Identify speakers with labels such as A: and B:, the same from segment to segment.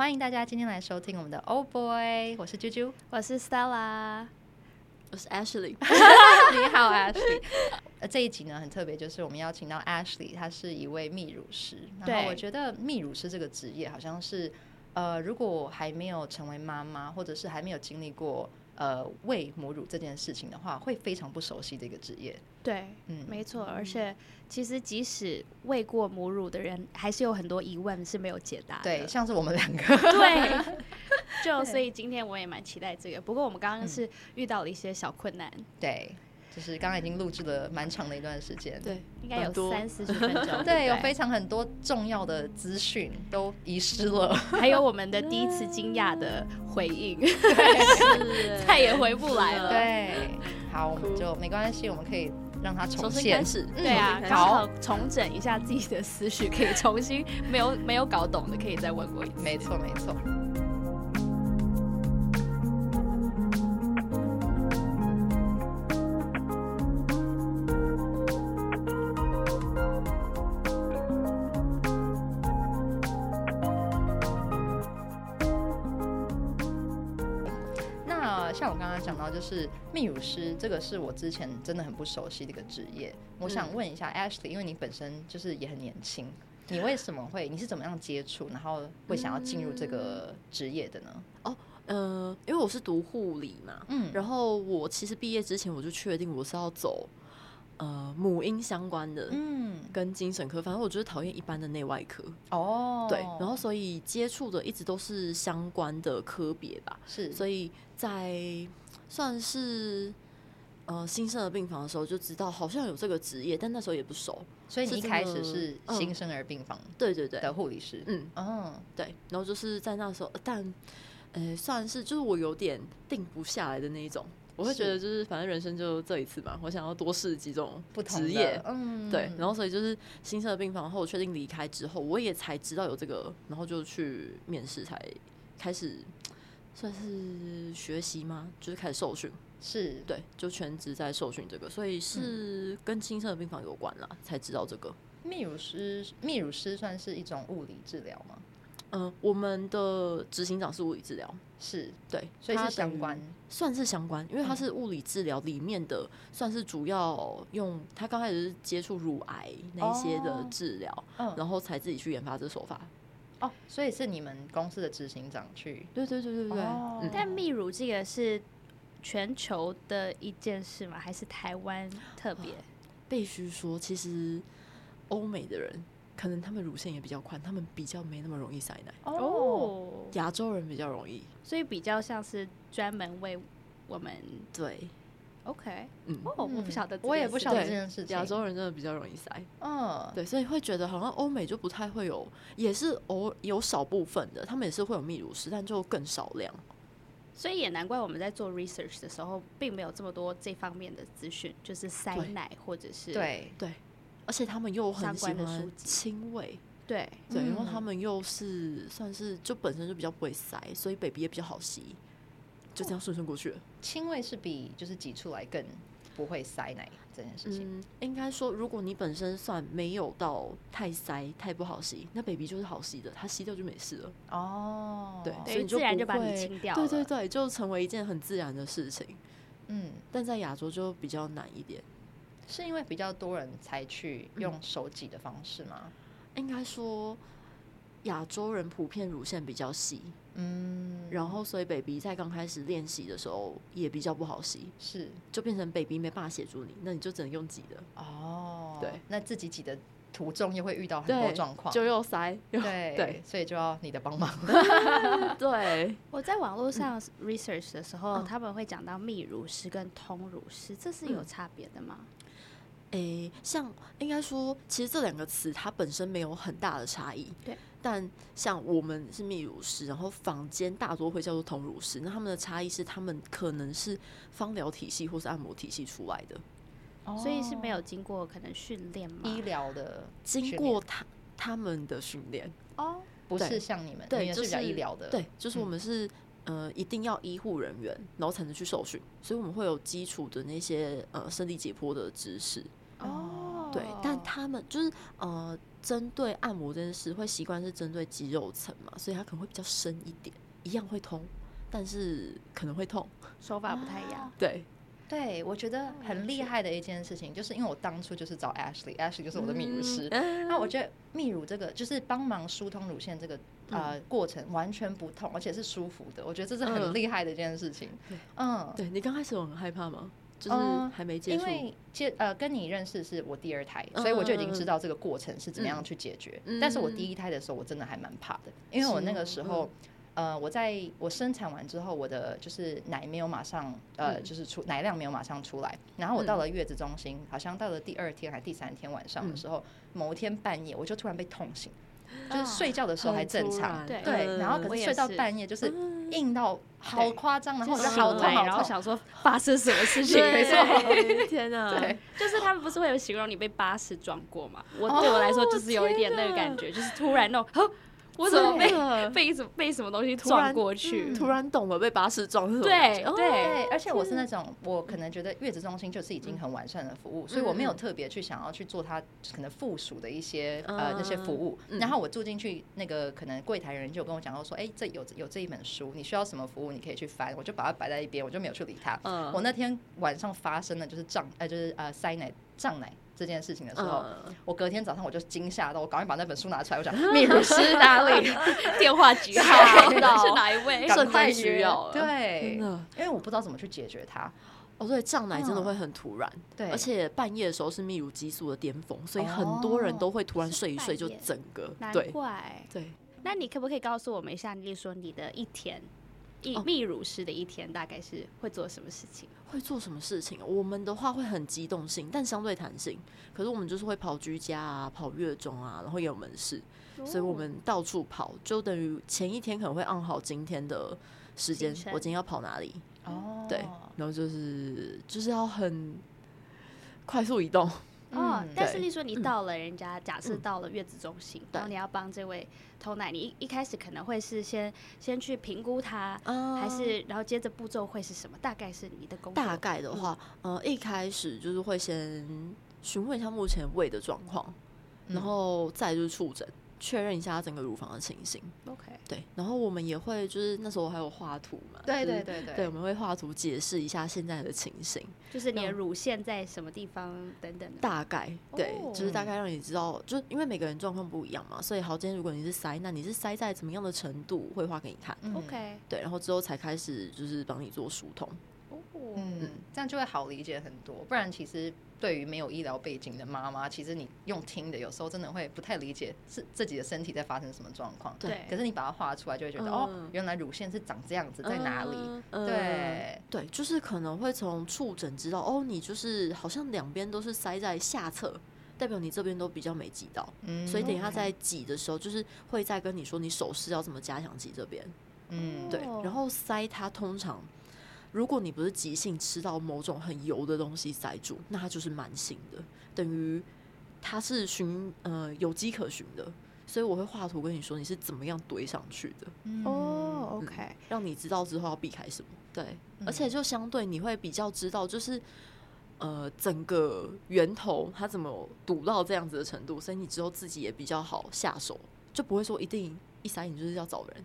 A: 歡迎大家今天來收聽我們的、oh《Old Boy》，我是啾啾，我是 Stella，我是 Ashley。
B: 你好，Ashley。
A: 這一集呢很特別，就是我們邀請到 Ashley，她是一位泌乳師。對，我覺得泌乳師這個職業好像是，呃，如果還沒有成為媽媽，或者是還沒有經歷過呃餵母乳這件事情的話，會非常不熟悉的一個職業。對，嗯，沒錯，而
C: 且其實即使餵過母乳的人，嗯、還是有很多疑問是沒有解答。對，像是我們兩個，對，就對，所以今天我也蠻期待這個。不過我們剛剛是遇到了一些小困難、嗯。
A: 對，就是剛剛已經錄製了蠻長的一段時間，對，應該有三四十分鐘對對。對，有非常很多重要的資訊都遺失了，還有我們的第一次驚訝的回應，
C: 再、嗯、 是 也回不來了。對，好，我們就沒關係，我們可以。讓他重新開始、嗯，對啊，剛好重整一下自己的思緒，可以重新沒有沒有搞懂的，可以再問過。沒錯，沒錯。
A: 就是泌乳師，這個是我之前真的很不熟悉的一個職業、嗯。我想問一下 Ashley，因為你本身就是也很年輕、嗯，你為什麼會？你是怎麼樣接觸，然後會想要進入這個
B: 職業的呢？哦，呃，因為我是讀護理嘛，嗯，然後我其實畢業之前我就確定我是要走呃母嬰相關的，嗯，跟精神科。反正我就是討厭一般的內外科
A: 哦，對。
B: 然後所以接觸的一直都是相關的科別吧，是。所以在算是，呃，新生兒病房的時候就知道好像有這個職業，但那時候也不熟，所以你一開始是新生兒病房、嗯，對對對的護理師，嗯，嗯，對，然後就是在那時候，但，呃、欸，算是就是我有點定不下來的那一種，我會覺得就是反正人生就這一次吧，我想要多試幾種職業不同，嗯，對，然後所以就是新生兒病房後確定離開之後，我也才知道有這個，然後就去面試才開始。算是學習嗎？就是開始受訓，是對，就全職在受訓這個，所以是跟新生病房有關了、嗯，才知道這個。
A: 泌乳師，泌乳師算是一種物理治療嗎？嗯、呃，我們
B: 的執行長是物理治療，是對，所以是相關，算是相關，因為它是物理治療裡面的、嗯，算是主要用。他剛開始是接觸乳癌那些的治療、哦，然後才自己去研發這手法。
A: 哦、oh，所以是你們公司的執行長去？
C: 對對對對對。Oh. 嗯、但泌乳這個是全球的一件事嗎？還是台灣特別？啊、
B: 必須說，其實歐美的人可能他們乳腺也比較寬，他們比較沒那麼容易塞奶。哦。亞洲人比較容易，
C: 所以比較像是專門為我們對。OK，oh，嗯，我不曉得、嗯，我也不曉得這件事情。亞洲
B: 人真的比較容易塞，嗯，對，所以會覺得好像歐美就不太會有，也是偶有少部分的，他們也是會有泌乳師，但就更少量。
C: 所以也難怪我們在做 research 的時候，並沒有這麼多這方面的資訊，就是塞奶或者是對、對，
B: 對，而且他們又很喜歡親餵，對對，然後他們又是算是就本身就比較不會塞，所以 baby 也比較好吸。就這樣順順過去了，親餵是比就是擠出來更不會塞奶這件事情。嗯、應該說，如果你本身算沒有到太塞、太不好吸，那 baby 就是好吸的，它吸掉就沒事了。哦，對，所
A: 以你不會自然就把你清掉了。對對
B: 對，就成為一件很自然的事情。嗯，但在亞洲就比較難一點，
A: 是因為比較多人才去用
B: 手擠的方式嗎？嗯、應該說，亞洲人普遍乳腺比較細。嗯，然後所以 baby 在剛開始練習的時候也比較不好吸，是就變成 baby 沒辦法吸住你，那你就只能用擠的哦。對，那自己擠的
C: 途中又會
B: 遇到
A: 很多狀況，就又塞，對對，
B: 所以就要你的幫忙。
C: 對，我在網絡上 research 的時候，嗯嗯嗯、他們會講到泌乳師跟通乳師，這是有差別的嗎？誒、嗯欸，像應該說，
B: 其實這兩個詞它本身沒有很大的差異，對。但像我們是泌乳師，然後坊間大多會叫做通乳師，那他們的差異是，他們可能是芳療體系或是按摩體系出來的，
C: 所以是沒有經過可能訓練嗎醫療的，經過
B: 他他們的訓練
C: 哦，oh, 不是像你們對，你也對，就是醫療的，對，就是我
B: 們是、嗯、呃一定要醫護人員，然後才能去受訓，所以我們會有基礎的那些呃生理解剖的知識哦，oh. 對，但他們就是呃。針對按摩這件事，會習慣是針對肌肉層嘛，所以它可能會比較深一點，一樣會通，但是可能會痛，手法不太一樣、啊。對，
A: 對我覺得很厲害的一件事情，就是因為我當初就是找 Ashley，Ashley Ashley 就是我的泌乳師，嗯、那我覺得泌乳這個就是幫忙疏通乳腺這個呃、嗯、過程，完全不痛，而且是舒服的，我覺得這是很厲害的一件事情。嗯，對，嗯對你剛開始我很害怕嗎？就是、嗯，還沒因為接呃跟你認識是我第二胎、嗯，所以我就已經知道這個過程是怎麼樣去解決、嗯嗯。但是我第一胎的時候，我真的還蠻怕的，因為我那個時候，呃，我在我生產完之後，我的就是奶沒有馬上呃、嗯，就是出奶量沒有馬上出來，然後我到了月子中心，好像到了第二天還是第三天晚上的時候，嗯、某一天半夜我就突然被痛醒。
C: 就是睡覺的時候還正常，oh, 對，嗯、對，然後可是睡到半
A: 夜就是硬到好誇張，然後好痛、嗯，然後想
C: 說發生什麼事情？沒錯， 天、啊、對，就是他們不是會有形容你被巴士撞過嘛？我、哦、對我來說就是有一點那個感覺，哦、就是突然那種。我怎麼被被什被什麼東西撞過去？突然
B: 懂了，被巴士撞是嗎？對、哦、對，而
C: 且我是那種、
A: 嗯，我可能覺得月子中心就是已經很完善的服務，所以我沒有特別去想要去做它、就是、可能附屬的一些、嗯、呃，那些服務。然後我住進去，那個可能櫃檯人就跟我講到說，哎、嗯，欸，這有有這一本書，你需要什麼服務你可以去翻，我就把它擺在一邊，我就沒有去理它、嗯。我那天晚上發生的就是脹，呃，就是呃塞奶脹奶。這件事情的時候、嗯，我隔天早上我就驚嚇到，我趕快把那本書拿出來，我想泌乳師是哪裡？ 電話幾局
C: 號？ 是哪一位？趕 快需要對，
B: 因為我不知道怎麼去解決它。哦、嗯，所以脹奶真的會很突然，對，而且半夜的時候是泌乳激素的巔峰、哦，所以很多人都會突然睡一睡就整個。對難
C: 怪，對。那你可不可以告訴我們一下，例如說你的一天？泌乳師的一天大概是會做什麼事情？Oh,
B: 會做什麼事情？我們的話會很機動性，但相對彈性。可是我們就是會跑居家啊，跑月中啊，然後也有門市，oh. 所以我們到處跑，就等於前一天可能會按好今天的時間，我今天要跑哪裡？
C: 哦、oh.，對，
B: 然後就是就是要很快速移動。哦、嗯，但是你說
C: 你到了人家，嗯、假設到了月子中心，嗯、然後你要幫這位通奶，你一一開始可能會是先先去評估她、嗯、還是然後接着步驟會是什麼？大概是你的工作大
B: 概的話、嗯，呃，一開始就是會先詢問一下目前餵的狀況、嗯，然後再就是觸診。確認一下整個乳房的情形，OK，對，然後我們也會就是那時候還有畫圖嘛，對對對對，對我們會畫圖解釋一下現在的情形，
C: 就是你的乳腺在什麼地方等等，大
B: 概對，oh. 就是大概讓你知道，就是因為每個人狀況不一樣嘛，所以好，今天如果你是塞，那你是塞在怎麼樣的程度，會畫給你看，OK，對，然後之後才開始就是幫你做疏通。嗯，
A: 這樣就會好理解很多。不然，其實對於沒有醫療背景的媽媽，其實你用聽的，有時候真的會不太理解自己的身體在發生什麼狀況。對，可是你把它畫出來，就會覺得、嗯、哦，原
B: 來乳腺是長這樣子，在哪裡？嗯嗯、對對，就是可能會從觸診知道哦，你就是好像兩邊都是塞在下側，代表你這邊都比較沒擠到。嗯，所以等一下在擠的時候，就是會再跟你說你手勢要怎麼加強擠這邊。嗯，對，然後塞它通常。如果你不是急性吃到某種很油的東西塞住，那它就是慢性的，等於它是尋呃有跡可循的，所以我會畫圖跟你說你是怎麼樣堆上去的。哦，OK。嗯，讓你知道之後要避開什麼。對，嗯，而且就相對你會比較知道，就是呃整個源頭它怎麼堵到這樣子的程度，所以你之後自己也比較好下手，就不會說一定一塞奶就是要找人。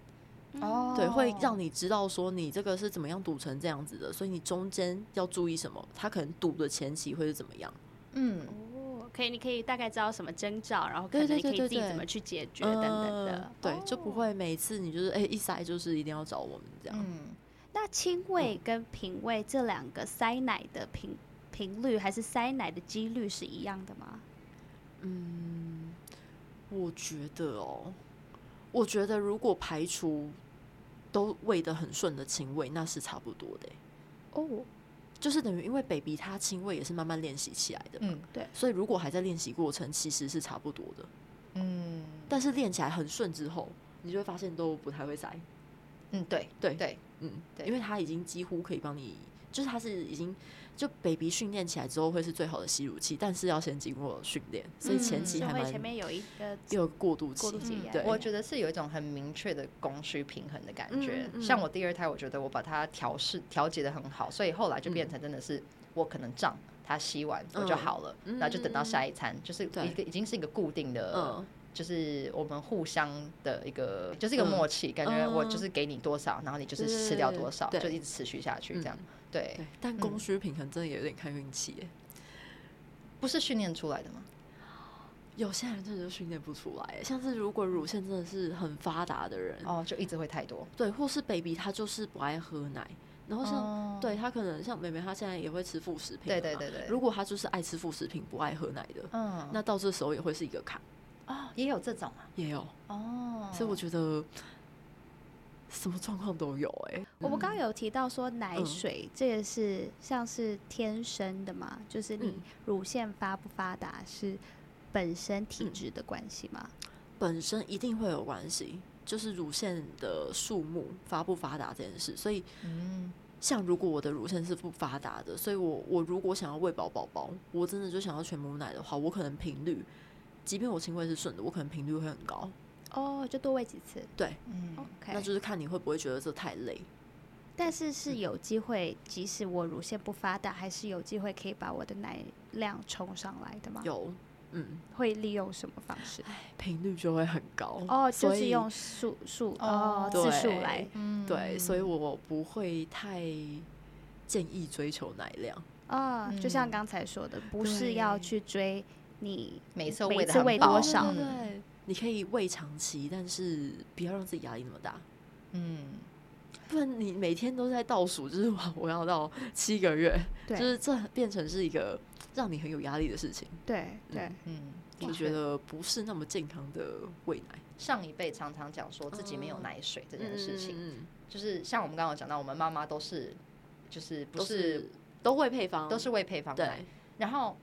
C: 哦、嗯，對，會
B: 讓你知道說你這個是怎麼樣堵成這樣子的，所以你中間要注意什麼，它可能堵的前期會是怎麼樣。
C: 嗯，哦，可以，你可以大概知道什麼徵兆，然後可能你可以自己怎麼去解決對對對對等等的、嗯。
B: 對，就不會每次你就是哎、欸、
C: 一塞就是一定要找我們這樣。嗯，那親餵跟瓶餵這兩個塞奶的頻頻率還是塞奶的幾率是一樣的嗎？
B: 嗯，我覺得哦，我覺得如果排除。都餵得很順的親餵，那是差不多的哦、欸，oh. 就是等於因為 baby 他親餵也是慢慢練習起來的嘛，嗯，對，所以如果還在練習過程，其實是差不多的，
A: 嗯，
B: 但是練起來很順之後，你就會發現都不太會塞。嗯，對，對對，嗯，對，因為他已經幾乎可以幫你。就是他是已經就 baby 訓練起來之後會是最好的吸乳器，但是要先經過訓練，所以前期還蠻、嗯、前
C: 面有一個第二個
B: 過渡期、嗯。對，我覺得是有一種很明確的供需
A: 平衡的感覺。嗯嗯、像我第二胎，我覺得我把它調試調節得很好，所以後來就變成真的是我可能脹，他吸完我就好了，嗯，然後就等到下一餐，就是一個已經是一個固定的，就是我們互相的一個、嗯、就是一個默契、嗯，感覺我就是給你多少，然後你就是吃掉多少，就一直持續下去這樣。對，但供需
B: 平衡真的也有點看運氣耶，不是訓練出來的嗎？有些人真的就訓練不出來，像是如果乳腺真的是很發達的人，哦，就一直會太多。對，或是 baby 他就是不愛喝奶，然後像、哦、對他可能像妹妹，她現在也會吃副食品，對對對對。如果他就是愛吃副食品不愛喝奶的，嗯，那到這時候也會是一個坎。啊、哦，也有這種啊，也有哦，所以我覺得。什麼狀況都有誒、欸，我們剛
C: 剛有提到說奶水、嗯嗯，這個是像是天生的嗎？就是你乳腺發不發達是本身體質的關係嗎？嗯、
B: 本身一定會有關係，就是乳腺的數目發不發達這件事。所以，嗯，像如果我的乳腺是不發達的，所以我我如果想要餵飽寶寶，我真的就想要全母奶的話，我可能頻率，即便我親餵是順的，我可能頻率會很高。
C: 哦、oh，就多餵幾次，對，嗯、mm -hmm.，OK，
B: 那就是看你會不會覺得這太累。
C: 但是是有機會，即使我乳腺不發達，mm -hmm. 還是有機會可以把我的奶量衝上來的嘛？有，
B: 嗯，
C: 會利用什麼方式？
B: 頻率就會很高哦、oh,，就是用
C: 數數哦，數 oh. 次數來，oh. 對，mm -hmm. 對，
B: 所以我不會太建議追求奶量
C: 啊，oh, 就像剛才說的，不是要去追你每次餵多少，對。Mm -hmm.
B: 你可以餵長期，但是不要讓自己壓力那麼大。嗯，不然你每天都在倒數，就是我要到七個月，對，就是這變成是一個讓你很有壓力的事情。
C: 對對嗯，我覺得
B: 不是那麼健康的餵奶。上一輩常常講說自己沒有奶水這件事情，嗯
A: 嗯、就是像我們剛剛講到，我們媽媽都是就是不是都會配方，都是餵配方奶，然後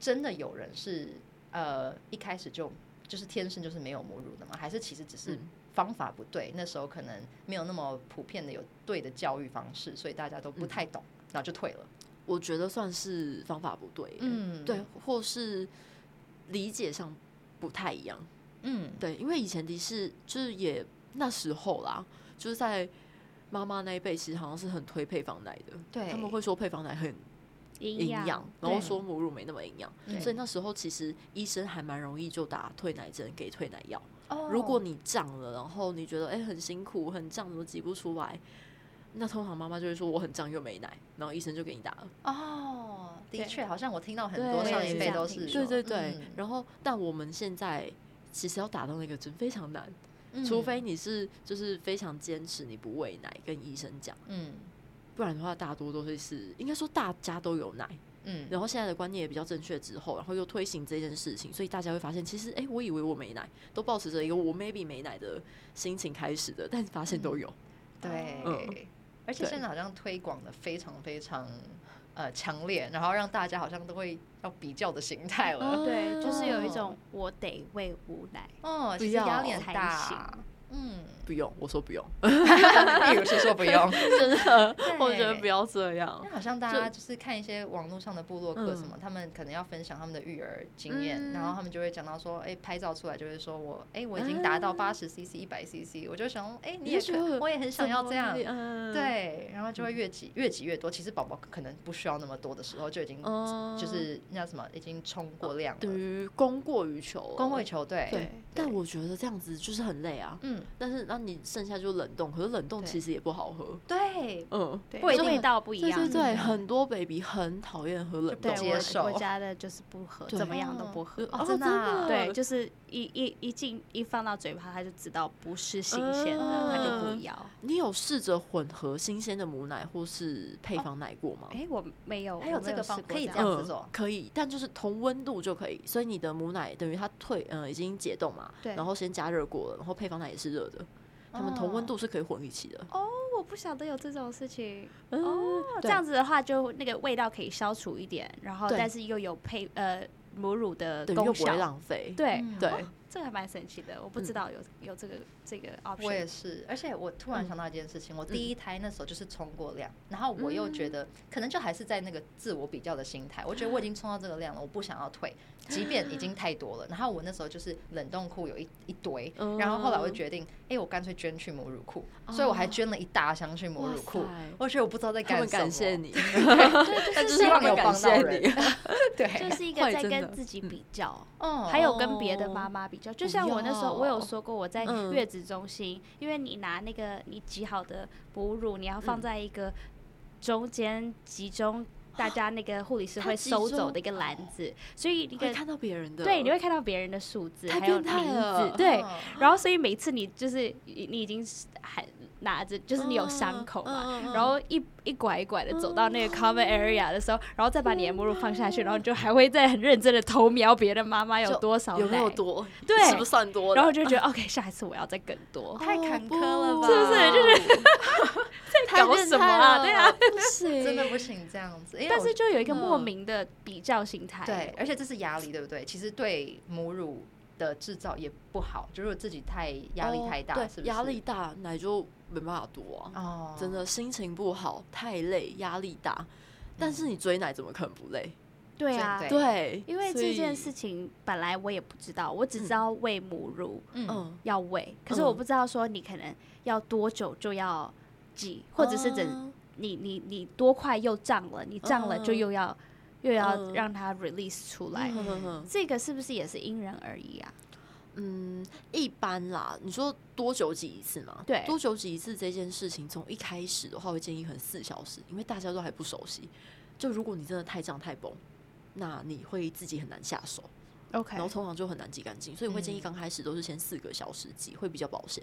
A: 真的有人是呃一開始就。就是天生就是沒有母乳的嘛，還是其實只是方法不對？嗯，那時候可能沒有那麼普遍的有對的教育方式，所以大家都不太懂，嗯，然後就退了。
B: 我覺得算是方法不對，嗯，對，或是理解上不太一樣，嗯，對，因為以前的是就是也那時候啦，就是在媽媽那一輩，其實好像是很推配方奶的，對，他們會說配方奶很。
C: 營養，然後說
B: 母乳沒那麼營養，所以那時候其實醫生還蠻容易就打退奶針給退奶藥。Oh. 如果你脹了，然後你覺得誒很辛苦很脹，都擠不出來，那通常媽媽就會說我很脹又沒奶，然後醫生就給你打了。哦、
A: oh，的確，好像我聽到很多上一輩都是，對，對對
B: 對。然後，但我們現在其實要打到那個針非常難，除非你是就是非常堅持你不餵奶跟醫生講，嗯。不然的話，大多都是是，應該說大家都有奶，嗯，然後現在的觀念也比較正確之後，然後又推行這件事情，所以大家會發現，其實，哎、欸，我以為我沒奶，都抱持着一個我 maybe 沒奶的心情開始的，但是發現都有，嗯
A: 嗯、對、嗯，而且現在好像推廣的非常非常呃強烈，然後讓大家好像都會要比較的心態了、啊，對，就是有一種
C: 我得餵無奶，哦，壓力大。
B: 嗯，不用，我說不用。有 誰說不用？
C: 真的，我覺得不要這樣。因為好像大家就是
A: 看一些網絡上的部落客什麼，他們可能要分享他們的育兒經驗、嗯，然後他們就會講到說，哎、欸，拍照出來就是說我，哎、欸，我已經達到八十 cc 一、欸、百 cc，我就想，哎、欸，你也，可也，我也很想要這樣，啊、對，然後就會越擠、嗯、越擠越多。其實寶寶可能不需要那麼多的時候，就已經、嗯、就是那什麼，已經衝過量了、呃過了過，等於供過於求，
B: 供過於求對。對。但我覺得這樣子就是很累啊。嗯。嗯、但是那你剩下就冷凍，可是冷凍其實也不好喝。
C: 對，
B: 嗯，這味道不一樣。對對對，嗯、很多 baby
C: 很討厭喝冷凍，對，我我家的就是不喝，怎麼樣都不喝，哦哦、真的、啊，對，就是。一一一進一放到嘴巴，它就知道不是新鮮的，嗯、他就不
B: 咬。你有試着混合新鮮的母奶或是配方奶過嗎？哎、哦
C: 欸，我沒有，還有這個方式可以這樣子
B: 做、嗯，可以，但就是同溫度就可以。所以你的母奶等於它退呃，已經解凍嘛，然後先加熱過了，然後配方奶也是熱的，
C: 他們同溫度是可以混一起的。哦，我不曉得有這種事情。嗯、哦，這樣子的話就那個味道可以消除一點，然後但是又有配呃。母乳的功效，對，又不會浪費，對、嗯、對。這還蠻神奇的，我不知道有、嗯、有這個這個 option。我也是，而且我
A: 突然想到一件事情，嗯、我第一胎那時候就是衝過量、嗯，然後我又覺得可能就還是在那個自我比較的心態、嗯，我覺得我已經衝到這個量了，我不想要退，即便已經太多了。嗯、然後我那時候就是冷凍庫有一一堆、嗯，然後後來我決定，哎、欸，我乾脆捐去母乳庫、嗯，所以我還捐了一大箱去母乳庫。我覺得我不知道在幹，會不會感謝你，
C: 但、 就是希望有幫到人會不會感謝你， 對。對，就是一個在跟自己比較，嗯、還有跟別的媽媽比較。就像我那時候，我有說過我在月子中心，嗯、因為你拿那個你擠好的哺乳，你要放在一個中間集中大家，那個護理師會收走的一個籃子，所以你可以看到別人的，對，你會看到別人的數字還有名字，對，然後所以每次你就是你已經是很。拿着就是你有傷口嘛，uh, uh, 然後一一拐一拐的走到那個 common area 的時候，uh, 然後再把你的母乳放下去，uh, 然後就還會再很認真的偷瞄別的媽媽有多少，有沒有多少，對，是不是算多的？然後就覺得、uh, OK，下一次我要再更多，太
B: 坎坷了吧？是不是？
A: 就是
B: 在搞什麼啊？對啊，是 真的不
C: 行這樣子。但是就有一個莫名的比較心態、呃，對，而
A: 且這是壓力，對不對？其實對母乳。
B: 的制造也不好，就是我自己太
C: 壓力太大，oh, 對，是不是？壓力
B: 大，奶就沒辦法多哦、啊。Oh. 真的心情不好，太累，壓力大。Oh. 但是你追奶怎麼可能不累？
C: 對啊，對,對，因為這件事情本來我也不知道，我只知道餵母乳，嗯，要餵、嗯。可是我不知道說你可能要多久就要擠，嗯、或者是怎？你你你多快又脹了？你脹了就又要。嗯又要讓它 release 出來、嗯嗯嗯，這個是不是也是因人而
B: 異啊？嗯，一般啦。你說多久擠一次嘛？對，多久擠一次這一件事情，從一開始的話，我會建議可能四小時，因為大家都還不熟悉。就如果你真的太脹太崩，那你會自己很難下手。OK，然後通常就很難擠乾淨，所以會建議剛開始都是先四個小時擠，會比較保險。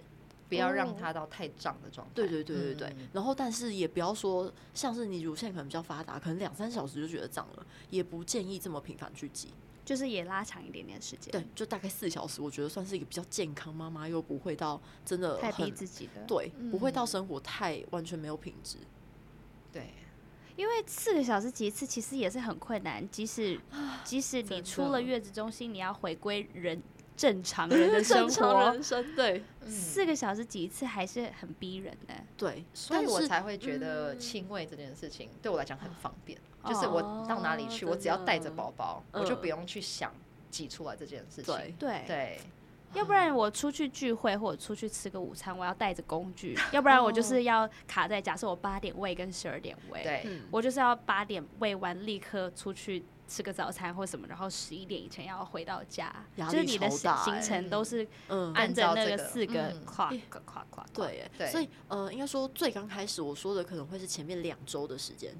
B: 不要讓它到太脹的狀態。Oh. 對，對對對對對。嗯、然後，但是也不要說，像是你乳腺可能比較發達，可能兩三小時就覺得脹了，也不建議這麼頻繁去擠，就是也拉長一點點時間。對，就大概四小時，我覺得算是一個比較健康媽媽，又不會到真的太逼自己的，對，不會到
C: 生活太完全沒有品質。嗯、對，因為四個小時擠一次，其實也是很困難。即使、啊、即使你出了月子中心，你要回歸人。正常人的生活， 人生對、嗯，四個小時擠一次還是很逼人的、欸。對，所以我才會覺得親餵這件事情對我來講很方便、嗯，就是我到哪裡去，哦、我只要帶着寶寶，我就不用
A: 去想擠出來這件事情。呃、對對，對，
C: 要不然我出去聚會或者出去吃個午餐，我要帶着工具、哦；要不然我就是要卡在，假設我八點餵跟十二點餵，對、嗯、我就是要八點餵完立刻出去。吃個早餐或什麼，然後十一點以前要回到家，然後、壓力超大欸就是、你的行程都是按照那個四個 clock clock clock 對，所以
B: 呃，應該說最剛開始我說的可能會是前面兩周的時間，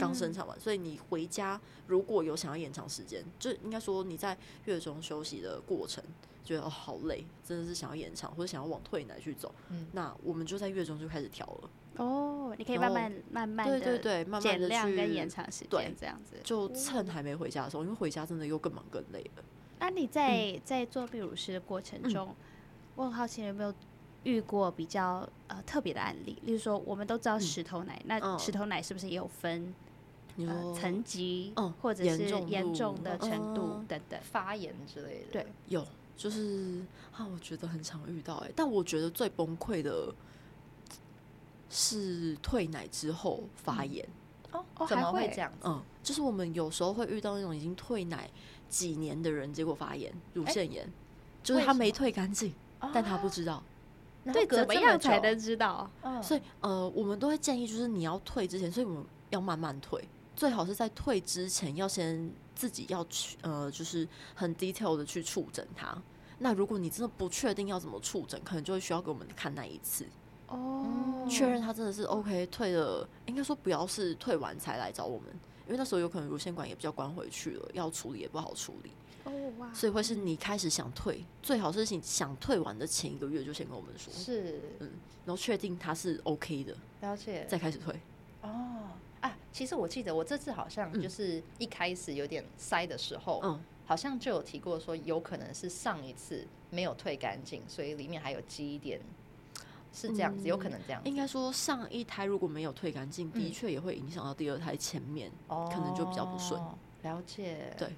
C: 剛生產
B: 完，所以你回家如果有想要延長時間，就應該說你在月中休息的過程覺得哦好累，真的是想要延長或者想要往退奶去走、嗯，那我們就在月中就開始調了。
C: 哦，你可以慢慢、慢慢、慢慢、慢慢慢的減量跟延長時間，這樣子。就趁
B: 還沒回家的時候，因為回家真的又更忙更累
C: 了。那你在、嗯、在做泌乳師的過程中，我很、嗯、好奇有沒有遇過比較呃特別的案例？例如說，我們都知道石頭奶、嗯，那石頭奶是不是也有分層、嗯呃、級、嗯，或者是嚴重，重的程度等等、嗯、發炎之類的？對，
B: 有，就是啊，我覺得很常遇到哎、欸，但我覺得最崩潰的。是退奶之後發炎
C: 哦，oh, oh, 怎麼會，會這樣？嗯，
B: 就是我們有時候會遇到那種已經退奶幾年的人，結果發炎、乳腺炎，欸、就是他沒退乾淨，但他不知道。
C: 對、oh，怎麼樣才能知道、啊？Oh. 所
B: 以呃，我們都會建議，就是你要退之前，所以我們要慢慢退，最好是在退之前要先自己要去呃，就是很 detail 的去觸診他。那如果你真的不確定要怎麼觸診，可能就會需要給我們看那一次。哦，確認他真的是 OK，退了，應該說不要是退完才來找我們，因為那時候有可能乳腺管也比較關回去了，要處理也不好處理。Oh, wow. 所以會是你開始想退，最好是你想退完的前一個月就先跟我們說，是，嗯，然後確定他是 OK 的，
A: 了解，再開始退。哦，Oh，啊，其實我記得我這次好像就是一開始有點塞的時候，嗯，好像就有提過說有可能是上一次沒有退乾淨，所以裡面還有積一點。
B: 是這樣子，有可能這樣子、嗯。應該說，上一胎如果沒有退乾淨、嗯，的確也會影響到第二胎前面、哦，可能就比較不順。了解。對。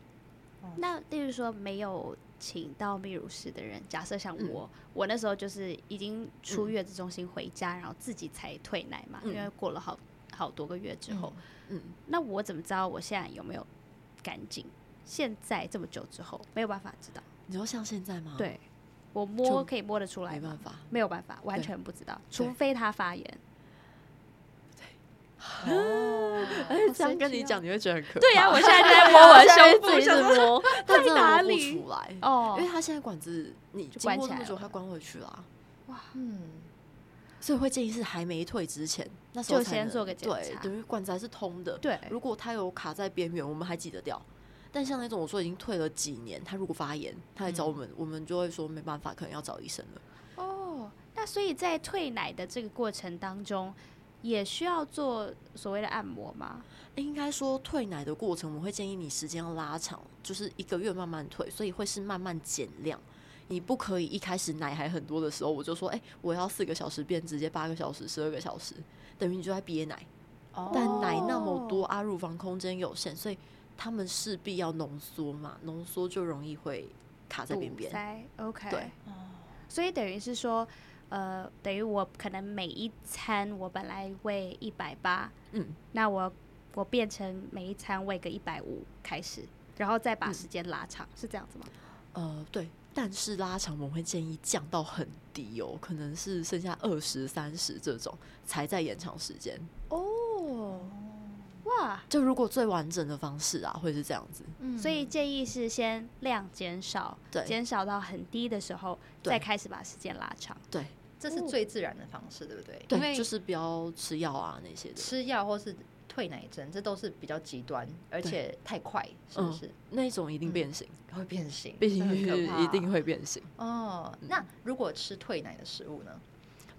C: 那例如說，沒有請到泌乳師的人，假設像我、嗯，我那時候就是已經出月子中心回家，嗯、然後自己才退奶嘛，嗯、因為過了好好多個月之後嗯，嗯，那我怎麼知道我現在有沒有乾淨？現在這麼久之後，沒有辦法知道。你說像現在嗎？對。我摸可以摸得出來，沒辦法，沒有辦法，完全不知道，除非他發炎。
B: 對哦、啊，這樣跟你講你會覺得很可怕。對呀、啊，我現在在摸完， 我先自己的摸是哪裡，但是摸不出來哦，因為他現在管子你管不起來，他關回去啦、啊。哇，嗯，所以會建議是還沒退之前，那時候才能就先做個檢查，等於管子還是通的。對，如果他有卡在邊緣，我們還擠得掉。但像那種我說已經退了幾年，他如果發炎，他來找我們，嗯、我們就會說沒辦法，可能要找醫生
C: 了。哦、oh,，那所以在退奶的這個過程當中，也需要做所謂的按摩嗎？欸、應該說退
B: 奶的過程，我會建議你時間要拉長，就是一個月慢慢退，所以會是慢慢減量。你不可以一開始奶還很多的時候，我就說，哎、欸，我要四個小時變直接八個小時、十二個小時，等於你就在憋奶。哦、oh.。但奶那麼多啊，乳房空間有限，所以。他們勢必要濃縮嘛，濃縮就容易會卡在邊邊。堵塞
C: ，okay. 對，oh. 所以等於是說，呃，等於我可能每一餐我本來餵一百八，嗯，那我我變成每一餐餵個一百五開始，然後再把時間拉長，嗯，是這樣子嗎？
B: 呃，對，但是拉長我會建議降到很低哦，可能是剩下二十三十這種才在延長時間
C: 哦。Oh. 哇，
B: 就如果最完整的方式啊，會是這樣子。嗯，所
C: 以建議是先量減少，對，減少到很低的時候，再開始把時間拉長。對，這是最自然的方式，對不對？
A: 對，就
B: 是不要吃藥啊那
A: 些的。吃藥或是退奶針，這都是比較極端，而且太快，是不是？
B: 嗯，那一種一定變形，嗯，會變形，變形，一定會變形。
A: 哦，那如果吃退奶的食物呢？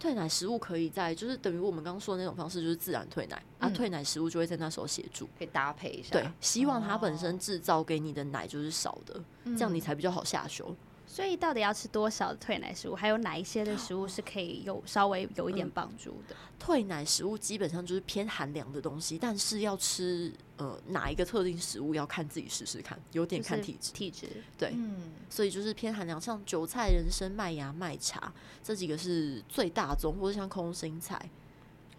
B: 退奶食物可以在，就是等於我們剛剛說的那種方式，就是自然退奶，嗯、啊，退奶食物就會在那時候協助，可以搭配一下。對，希望它本身製造給你的奶就是少的，哦、這樣你才比較好下手。嗯。
C: 所以到底要吃多少的退奶食物，還有哪一些的食物是可以有稍微有一點幫助的，嗯？
B: 退奶食物基本上就是偏寒涼的東西，但是要吃。呃，哪一個特定食物要看自己試試看，有點看體質，就是、體質對，嗯，所以就是偏寒涼，像韭菜、人參、麥芽、麥茶這幾個是最大宗，或者像空心菜，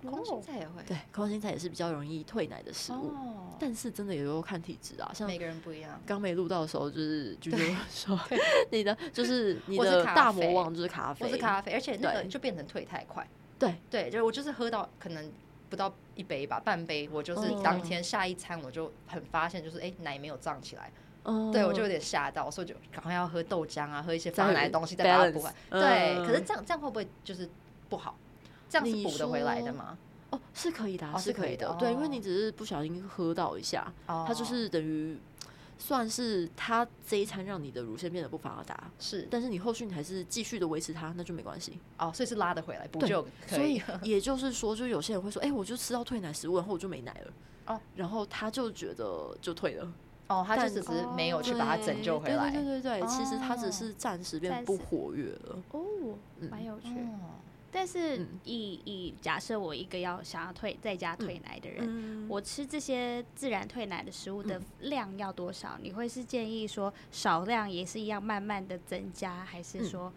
A: 空心菜也會，
B: 對，空心菜也是比較容易退奶的食物，哦、但是真的也要看體質啊，像、就是、每個人不一樣。剛沒錄到的時候，就是就說說你的就是你的大魔王就是咖啡，是咖
A: 啡，是咖啡，而且那個就變成退太快，對對，就是我就是喝到可能。不到一杯吧，半杯，我就是當天下一餐我就很發現，就是誒、欸，奶沒有脹起來
B: ，oh. 對，我就有點嚇
A: 到，所以就趕快要喝豆漿啊，
B: 喝一些發奶的東西再把它補回來。So, 對，uh. 可是這
A: 樣這樣會不會就是不好？這樣是補得回來的嗎？
B: 哦，是可以的，是可以的，哦，是可以的，哦。對，因為你只是不小心喝到一下，它就是等於。算是它這一餐讓你的乳腺變得不發達，是，但是你後續你還是繼續的維持它，那就沒關係。哦、oh,，所以是拉得回來補救可以。所以也就是說，就有些人會說，哎、 欸，我就吃到退奶食物，然後我就沒奶了。哦、oh.，然後他就覺得就退了。哦、oh,，他就只是沒有去把它拯救回來。對對對,對,對、oh. 其實他只是暫時變不活躍了。
C: 哦，蠻、oh, 嗯 oh. 有趣。但是以，以假設我一個要想要退，在家退奶的人，嗯嗯，我吃這些自然退奶的食物的量要多少，嗯？你會是建議說少量也是一樣慢慢的增加，還是說，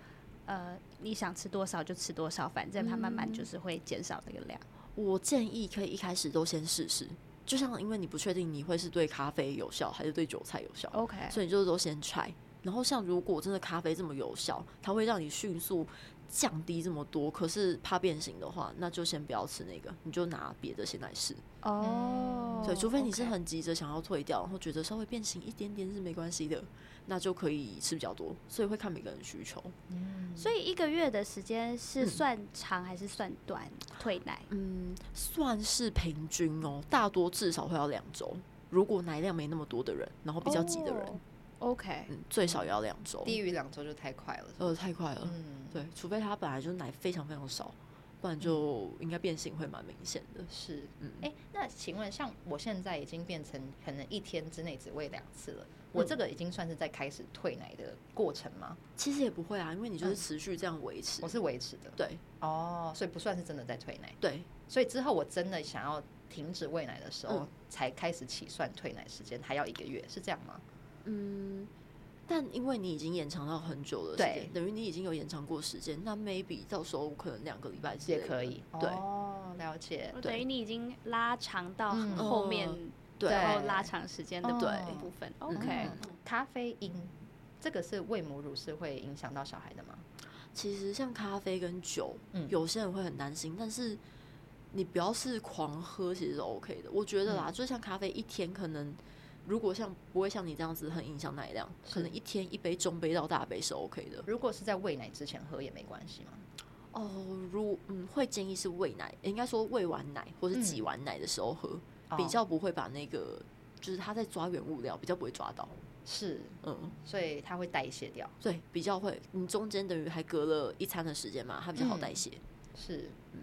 C: 嗯，呃你想吃多少就吃多少，反正它慢慢就是會減少那個量？我建議可以一開始都先試試，就像因為你不確定你會
B: 是對咖啡有效還是對韭菜有效，OK，所以你就都先 try 然後像如果真的咖啡這麼有效，它會讓你迅速降低這麼多，可是怕變形的話，那就先不要吃那個，你就拿別的先來試
C: 哦。Oh, 所以除非你
B: 是很急着想要退掉，Okay. 然後覺得稍微變形一點點是沒關係的，那就可以吃比較多。所以會看每個人需求。Mm.
C: 所以一個月的時間是算長還是算短，嗯，退奶？嗯，
B: 算是平均哦，大多至少會要兩周。如果奶量沒那麼多的人，然後比較急的人。
C: Oh. OK、嗯、
B: 最少要兩週，低於兩周就太快了是不是？呃，太快了。嗯，對，除非他本來就奶非常非常少，不然就應該變性會蠻明顯的、嗯。是，嗯，哎、欸，
A: 那請問，像我現
B: 在已經變成
A: 可能一天之內只餵兩次了，我這個已經算是在開始退奶的過程嗎？嗯、其實也不會啊，因為你就是持續這樣維持、嗯。我是維持的。對。哦、oh,，所以不算是真的在退奶。對，所以之後我真的想要停止餵奶的時候、嗯，才開始起算退
B: 奶時間，還要一個月，是這樣嗎？嗯，但因為你已經延長到很久了，對，等於你已經有延長過時間，那 maybe 到時候可能兩個禮拜之也可以，對，哦、了解。對，等
C: 於你已經拉長到後面，嗯、
B: 對，然後拉
A: 長時間的部分。OK，咖啡因、嗯、這個是餵母乳是會
B: 影響到小孩的嗎？其實像咖啡跟酒，嗯，有些人會很擔心，但是你不要是狂喝，其實是 OK 的。我覺得啦，嗯、就像咖啡，一天可能。如果像不會像你這樣子很影響奶量，可能一天一杯中杯到大杯是 OK 的。如果是在餵奶之前喝也沒關係嗎？哦，如嗯，會建議是餵奶，應該說餵完奶或是擠完奶的時候喝、嗯，比較不會把那個、哦、就是他在抓原物料比較不會抓到。是，嗯，所以他會代謝掉。對，比較會，你中間等於還隔了一餐的時間嘛，它比較好代謝、嗯。是，嗯。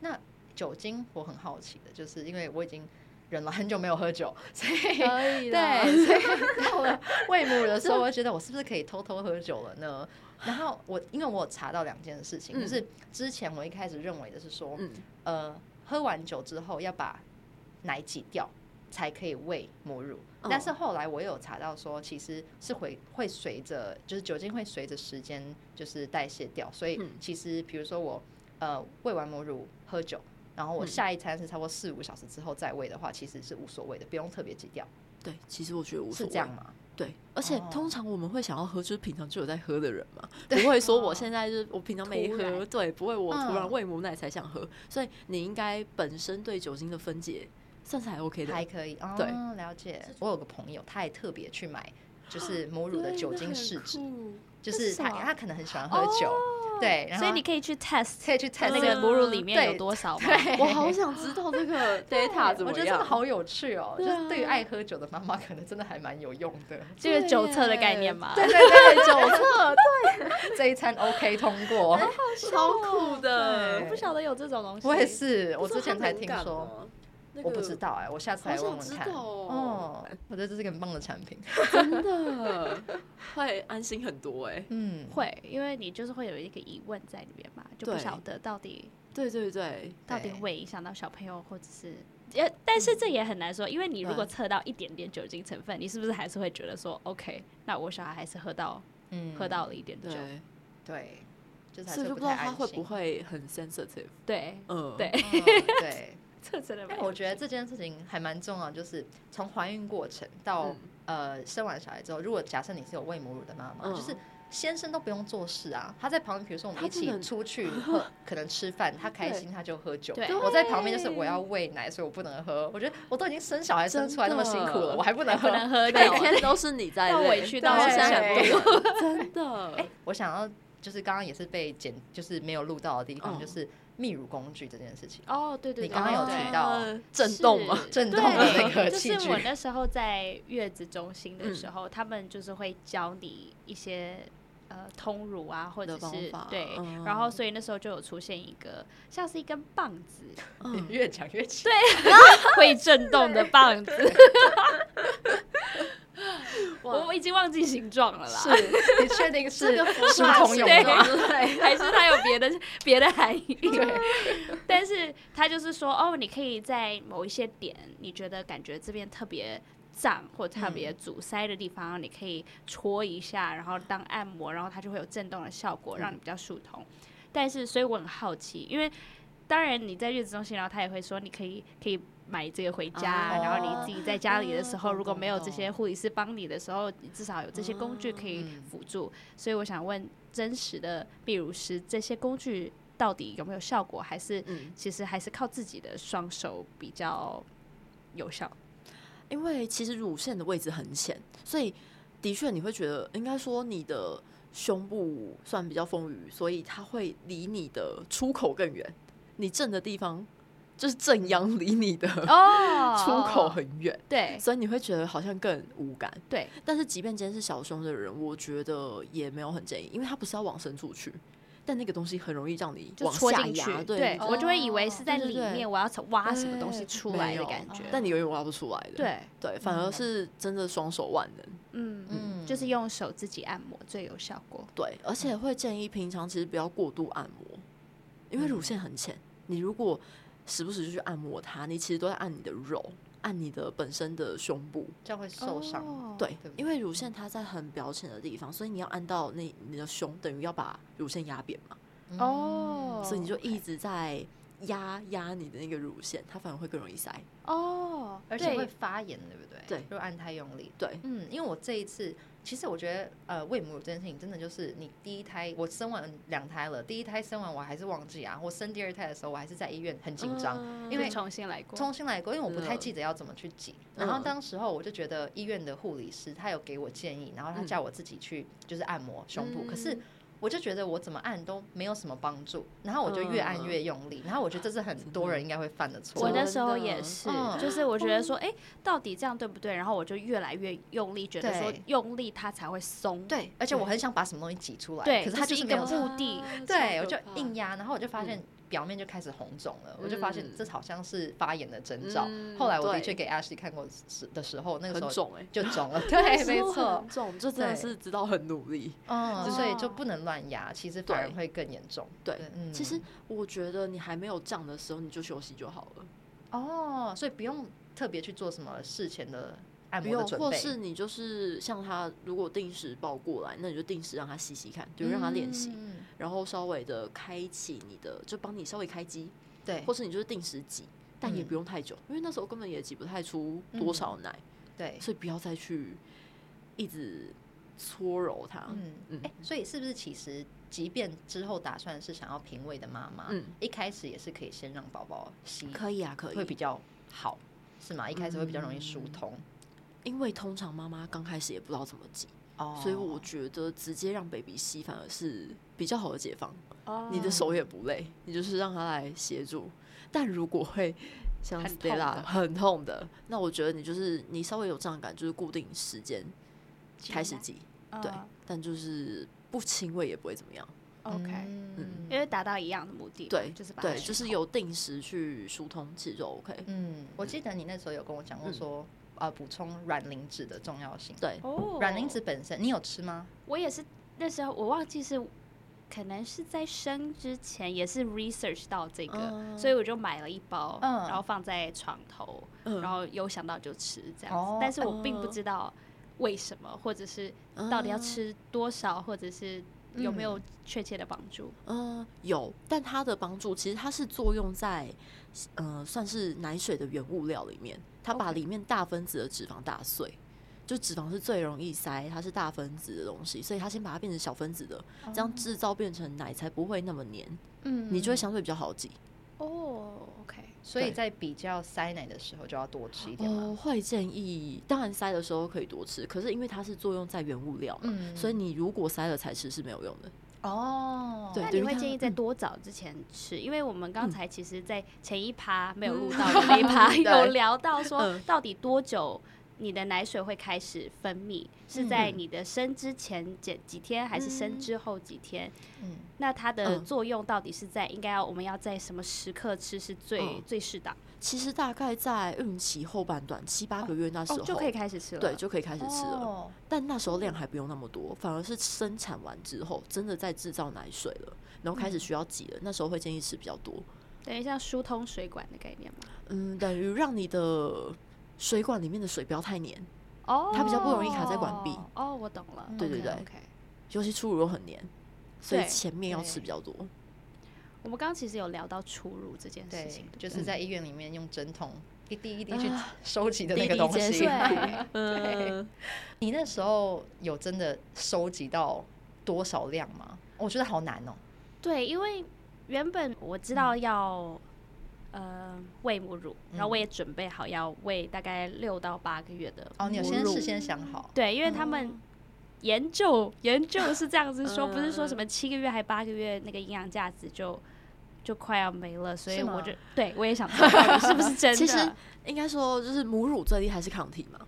A: 那酒精我很好奇的，就是因為我已經。忍了很久沒有喝酒，所以，可以了，對，所以到了餵母乳的時候， 我就覺得我是不是可以偷偷喝酒了呢？然後我因為我有查到兩件事情，嗯、就是之前我一開始認為的是說，嗯、呃，喝完酒之後要把奶擠掉才可以餵母乳，嗯、但是後來我有查到說，其實是會會隨着就是酒精會隨着時間就是代謝掉，所以其實比如說我呃餵完母乳喝酒。然後我下一餐是差不多四五小時之後再餵的話，其實是無所謂的，不用特別擠
B: 掉，嗯。對，其實我覺得無所謂，是這樣嗎？對，而且通常我們會想要喝，就是平常就有在喝的人嘛，哦、不會說我現在就是我平常沒喝，對，不會我突然餵母奶才想喝，嗯。所以你應該本身對酒精的分解算是還 OK 的，還可以。哦、對，了解。
A: 我有個朋友，他也特
B: 別去買，就是母乳的酒精試紙，就
C: 是他他
A: 可能很喜歡喝酒。哦
C: 對，所以你可以去 test，可以去 test 那個母乳裡面有多少
A: 嗎、呃。我好想知道這個 data 怎麼樣。我覺得真的好有趣哦，啊、就是對於愛喝酒的媽媽，可能真的還蠻有用的，就是酒測的概念嘛。對對對，酒測，對。對對對 對 這一餐 OK 通過。
C: 好苦、哦、的對，不曉得有這種東西。我也是，我之前才聽說、哦。那個、我
A: 不知道哎、欸，我下次來問問看。我知道哦，哦，我覺得這是一個很棒的產品，
B: 真
C: 的 會安心很多哎、欸。嗯，會，因為你就是會有一個疑問在裡面嘛，嗯、就不曉得到底。對對對，對，對，到底會影響到小朋友，或者是也，但是這也很難說，因為你如果測到一點點酒精成分，你是不是還是會覺得說，OK，那我小孩還是喝到，嗯，喝到了一點酒，對，對對就是、還是，不是，不是不知道他會不
B: 會很 sensitive。對，嗯，對，
A: 對、oh,
C: 真的
A: 有，我覺得這件事情還蠻重要，就是從懷孕過程到、嗯、呃生完小孩之後，如果假設你是有餵母乳的媽媽、嗯，就是先生都不用做事啊，他在旁邊，比如說我們一起出去喝，能喝可能吃飯，他開心他就喝酒，對，我在旁邊就是我要餵奶，所以我不能喝。我覺得我都已經生小孩生出來那麼辛苦了，我還不，還不能喝，每天都是你在、哎、委屈到我想吐， 真的。哎，我想要就是剛剛也是被剪，就是沒有錄到的地方，oh. 就是。泌乳工具這件
C: 事情，哦、oh，對對對，你剛剛有提到、啊、震動嗎？震動的那個器具就是我那時候在月子中心的時候，嗯、他們就是會教你一些、呃、通乳啊，或者是方法對、嗯，然後所以那時候就有出現一個像是一根棒子，嗯、越講越奇，對， 會震動的棒子。 我我已經忘記形狀了啦，是，是你確定是個什麼朋友嗎？ 對，還是它有別的別的含義？對， 但是它就是說，哦，你可以在某一些點，你覺得感覺這邊特別脹或者特別阻塞的地方、嗯，你可以戳一下，然後當按摩，然後它就會有震動的效果，讓你比較疏通。但是，所以我很好奇，因為當然你在月子中心，然後他也會說，你可以可以。買這個回家，uh, 然後你自己在家裡的時候，uh, 如果沒有這些護理師幫你的時候，uh, 你至少有這些工具可以輔助。Uh, 所以我想問，真實的泌乳師這些工具到底有沒有效果？還是、uh, 其實還是靠自己的雙手比較有效？因為
B: 其實乳腺的位置很淺，所以的確你會覺得，應該說你的胸部算比較豐腴，所以它會離你的出口更遠，你正的地方。就是正央離你的、哦、出口很遠，對，所以你會覺得好像更無感。對，但是即便今天是小胸的人，我覺得也沒有很建議，因為它不是要往深處去，但那個東西很容易讓你往下壓。對、對、哦，我就會以
C: 為是在裡面對對對，我要挖什麼東西出來的感覺。但
B: 你永遠挖不出來的。對對，反而是真的雙手萬能。嗯
C: 嗯，嗯，就是用手自己按摩最有效果。
B: 對，而且會建議平常其實不要過度按摩，因為乳腺很淺、嗯，你如果。時不時就去按摩它，你其實都在按你的肉，按你的本身的胸部，這樣會受傷嗎？Oh, 對,對,對，因為乳腺它在很表淺的地方，所以你要按到那你,你的胸，等於要把乳腺壓扁嘛。
A: 哦、oh, okay.，所以你就
B: 一直在壓壓你的那個乳腺，它反而會更容易塞。
C: 哦、oh,，
A: 而且會發炎，對不對？對，就按太用力。對，嗯，因為我這一次。其實我覺得，呃，餵母乳這件事情，真的就是你第一胎，我生完兩胎了，第一胎生完我還是忘記啊。我生第二胎的時候，我還是在醫院很緊張，嗯，因為重
C: 新來過，重新來過，
A: 因為我不太記得要怎麼去擠，嗯。然後當時候我就覺得醫院的護理師他有給我建議，然後他叫我自己去就是按摩胸部，嗯，可是。我就覺得我怎麼按都沒有什麼幫助，然後我就越按越用力，嗯、然後我覺得這是很多人應該會犯的錯。我那時候也是，嗯、就是我覺得說，
C: 哎、欸，到底這樣對不對？然後我就越來越用力，覺得說用力它才會鬆。對，而且我很想
A: 把什麼東西擠出來，對，可是它就是沒有、就是、一個目的，
C: 對，對我就
A: 硬壓，然後我就發現。嗯表面就開始紅腫了、嗯，我就發現這好像是發炎的徵兆、嗯。後來我的確給 Ashley 看過的時候，那個時候就腫了、欸對，對，沒錯，腫，這真的是知道很努力，哦哦、所以就不能亂壓，其實反而會更嚴重對對。對，嗯，其實我覺得你還沒有脹的
B: 時候，你就休息就好
A: 了。哦，所以不用
B: 特別去做什麼事前的按摩的準備，不用，或是你就是像他，如果定時抱過來，那你就定時讓他吸吸看，就讓他練習。嗯然後稍微的開啟你的，就幫你稍微開機，對，或是你就是定時擠、嗯，但也不用太久，因為那時候根本也擠不太出多少奶、嗯，對，所以不要再去一直搓揉它，嗯嗯，哎、欸，所以
A: 是不是其實，即便之後打算是想要瓶餵的媽媽，嗯，一開始也是可以先
B: 讓寶寶吸，可以啊，可以，會比較好、嗯，是嗎？一開始會比較容易疏通、嗯嗯，因為通常媽媽剛開始也不知道怎麼擠。Oh. 所以我覺得直接讓 baby 吸反而是比較好的解放，oh. 你的手也不累，你就是讓它來協助。但如果會像 Stella 很痛的，那我覺得你就是你稍微有脹感，就是固定時間開始擠，yeah. oh. 對，但就是不輕微，也不會怎麼樣。
C: OK，、嗯、因為達到一樣的目的，對，就是把對，就是
B: 有定時去疏通，其實就 OK 嗯。嗯，我記得你那時候有跟我講過說、嗯。呃，補充
A: 卵磷脂的重要性。對，卵、oh, 卵磷脂本身，你有吃嗎？
C: 我也是那時候，我忘記是，可能是在生之前也是 research 到這個，uh, 所以我就買了一包，uh, 然後放在床頭，uh, 然後有想到就吃這樣子。Uh, 但是我並不知道為什麼，uh, 或者是到底要吃多少，uh, 或者是。有沒有確切的幫助？嗯、
B: 呃，有，但它的幫助其實它是作用在，呃，算是奶水的原物料裡面，它把裡面大分子的脂肪打碎，okay. 就脂肪是最容易塞，它是大分子的東西，所以它先把它變成小分子的，oh. 這樣制造變成奶才不會那麼黏。
C: 嗯，你就會
B: 相對比較好擠？
C: 哦、oh,，OK。所以在
B: 比較塞奶的時候，就要多吃一點。我、oh, 會建議，當然塞的時候可以多吃，可是因為它是作用在原物料，嗯、所以你如果塞了才吃是沒有用的。哦、
C: oh，對，那你會建議在多早之前吃？嗯、因為我們剛才其實，在前一趴沒有錄到那一趴，有聊到說到底多久。 嗯你的奶水會開始分泌，是在你的生之前幾幾天、嗯，還是生之後幾天？嗯，那它的作用到底是在、嗯、應該要我們要在什麼時刻吃是最、嗯、最適當？
B: 其實大概在孕期後半段七八個月那時候、哦哦、就可以開始吃了，對，就可以開始吃了。哦、但那時候量還不用那麼多，嗯、反而是生產完之後真的在製造奶水了，然後開始需要擠了、嗯。那時候會建議吃比較多，
C: 等於像疏通水管的概念嘛。
B: 嗯，等於讓你的。水管裡面的水不要太黏
C: ，oh, 它比較不容易卡在管壁。哦、oh, oh，我懂了，對對對，okay,
B: okay. 尤其初乳又很黏，
C: 所以前面要吃比較多。我們剛剛其實有聊到初乳這件
A: 事情，就是在醫院裡面用針筒一滴一滴去收集的那個東西。Uh, 對 對 你那時候有真的收集到多少量嗎？我覺得好難哦。
C: 對，因為原本我知道要、嗯。呃，餵母乳，然後我也準備好要餵大概六到八個月的哦，你有先事先想好對，因為他們研究、嗯、研究是這樣子說、呃，不是說什麼七個月還八個月那個營養價值就就快要沒了，所以我就對我也想，是不是真的？ 其實
B: 應該說就是母乳最厲害是抗體嘛，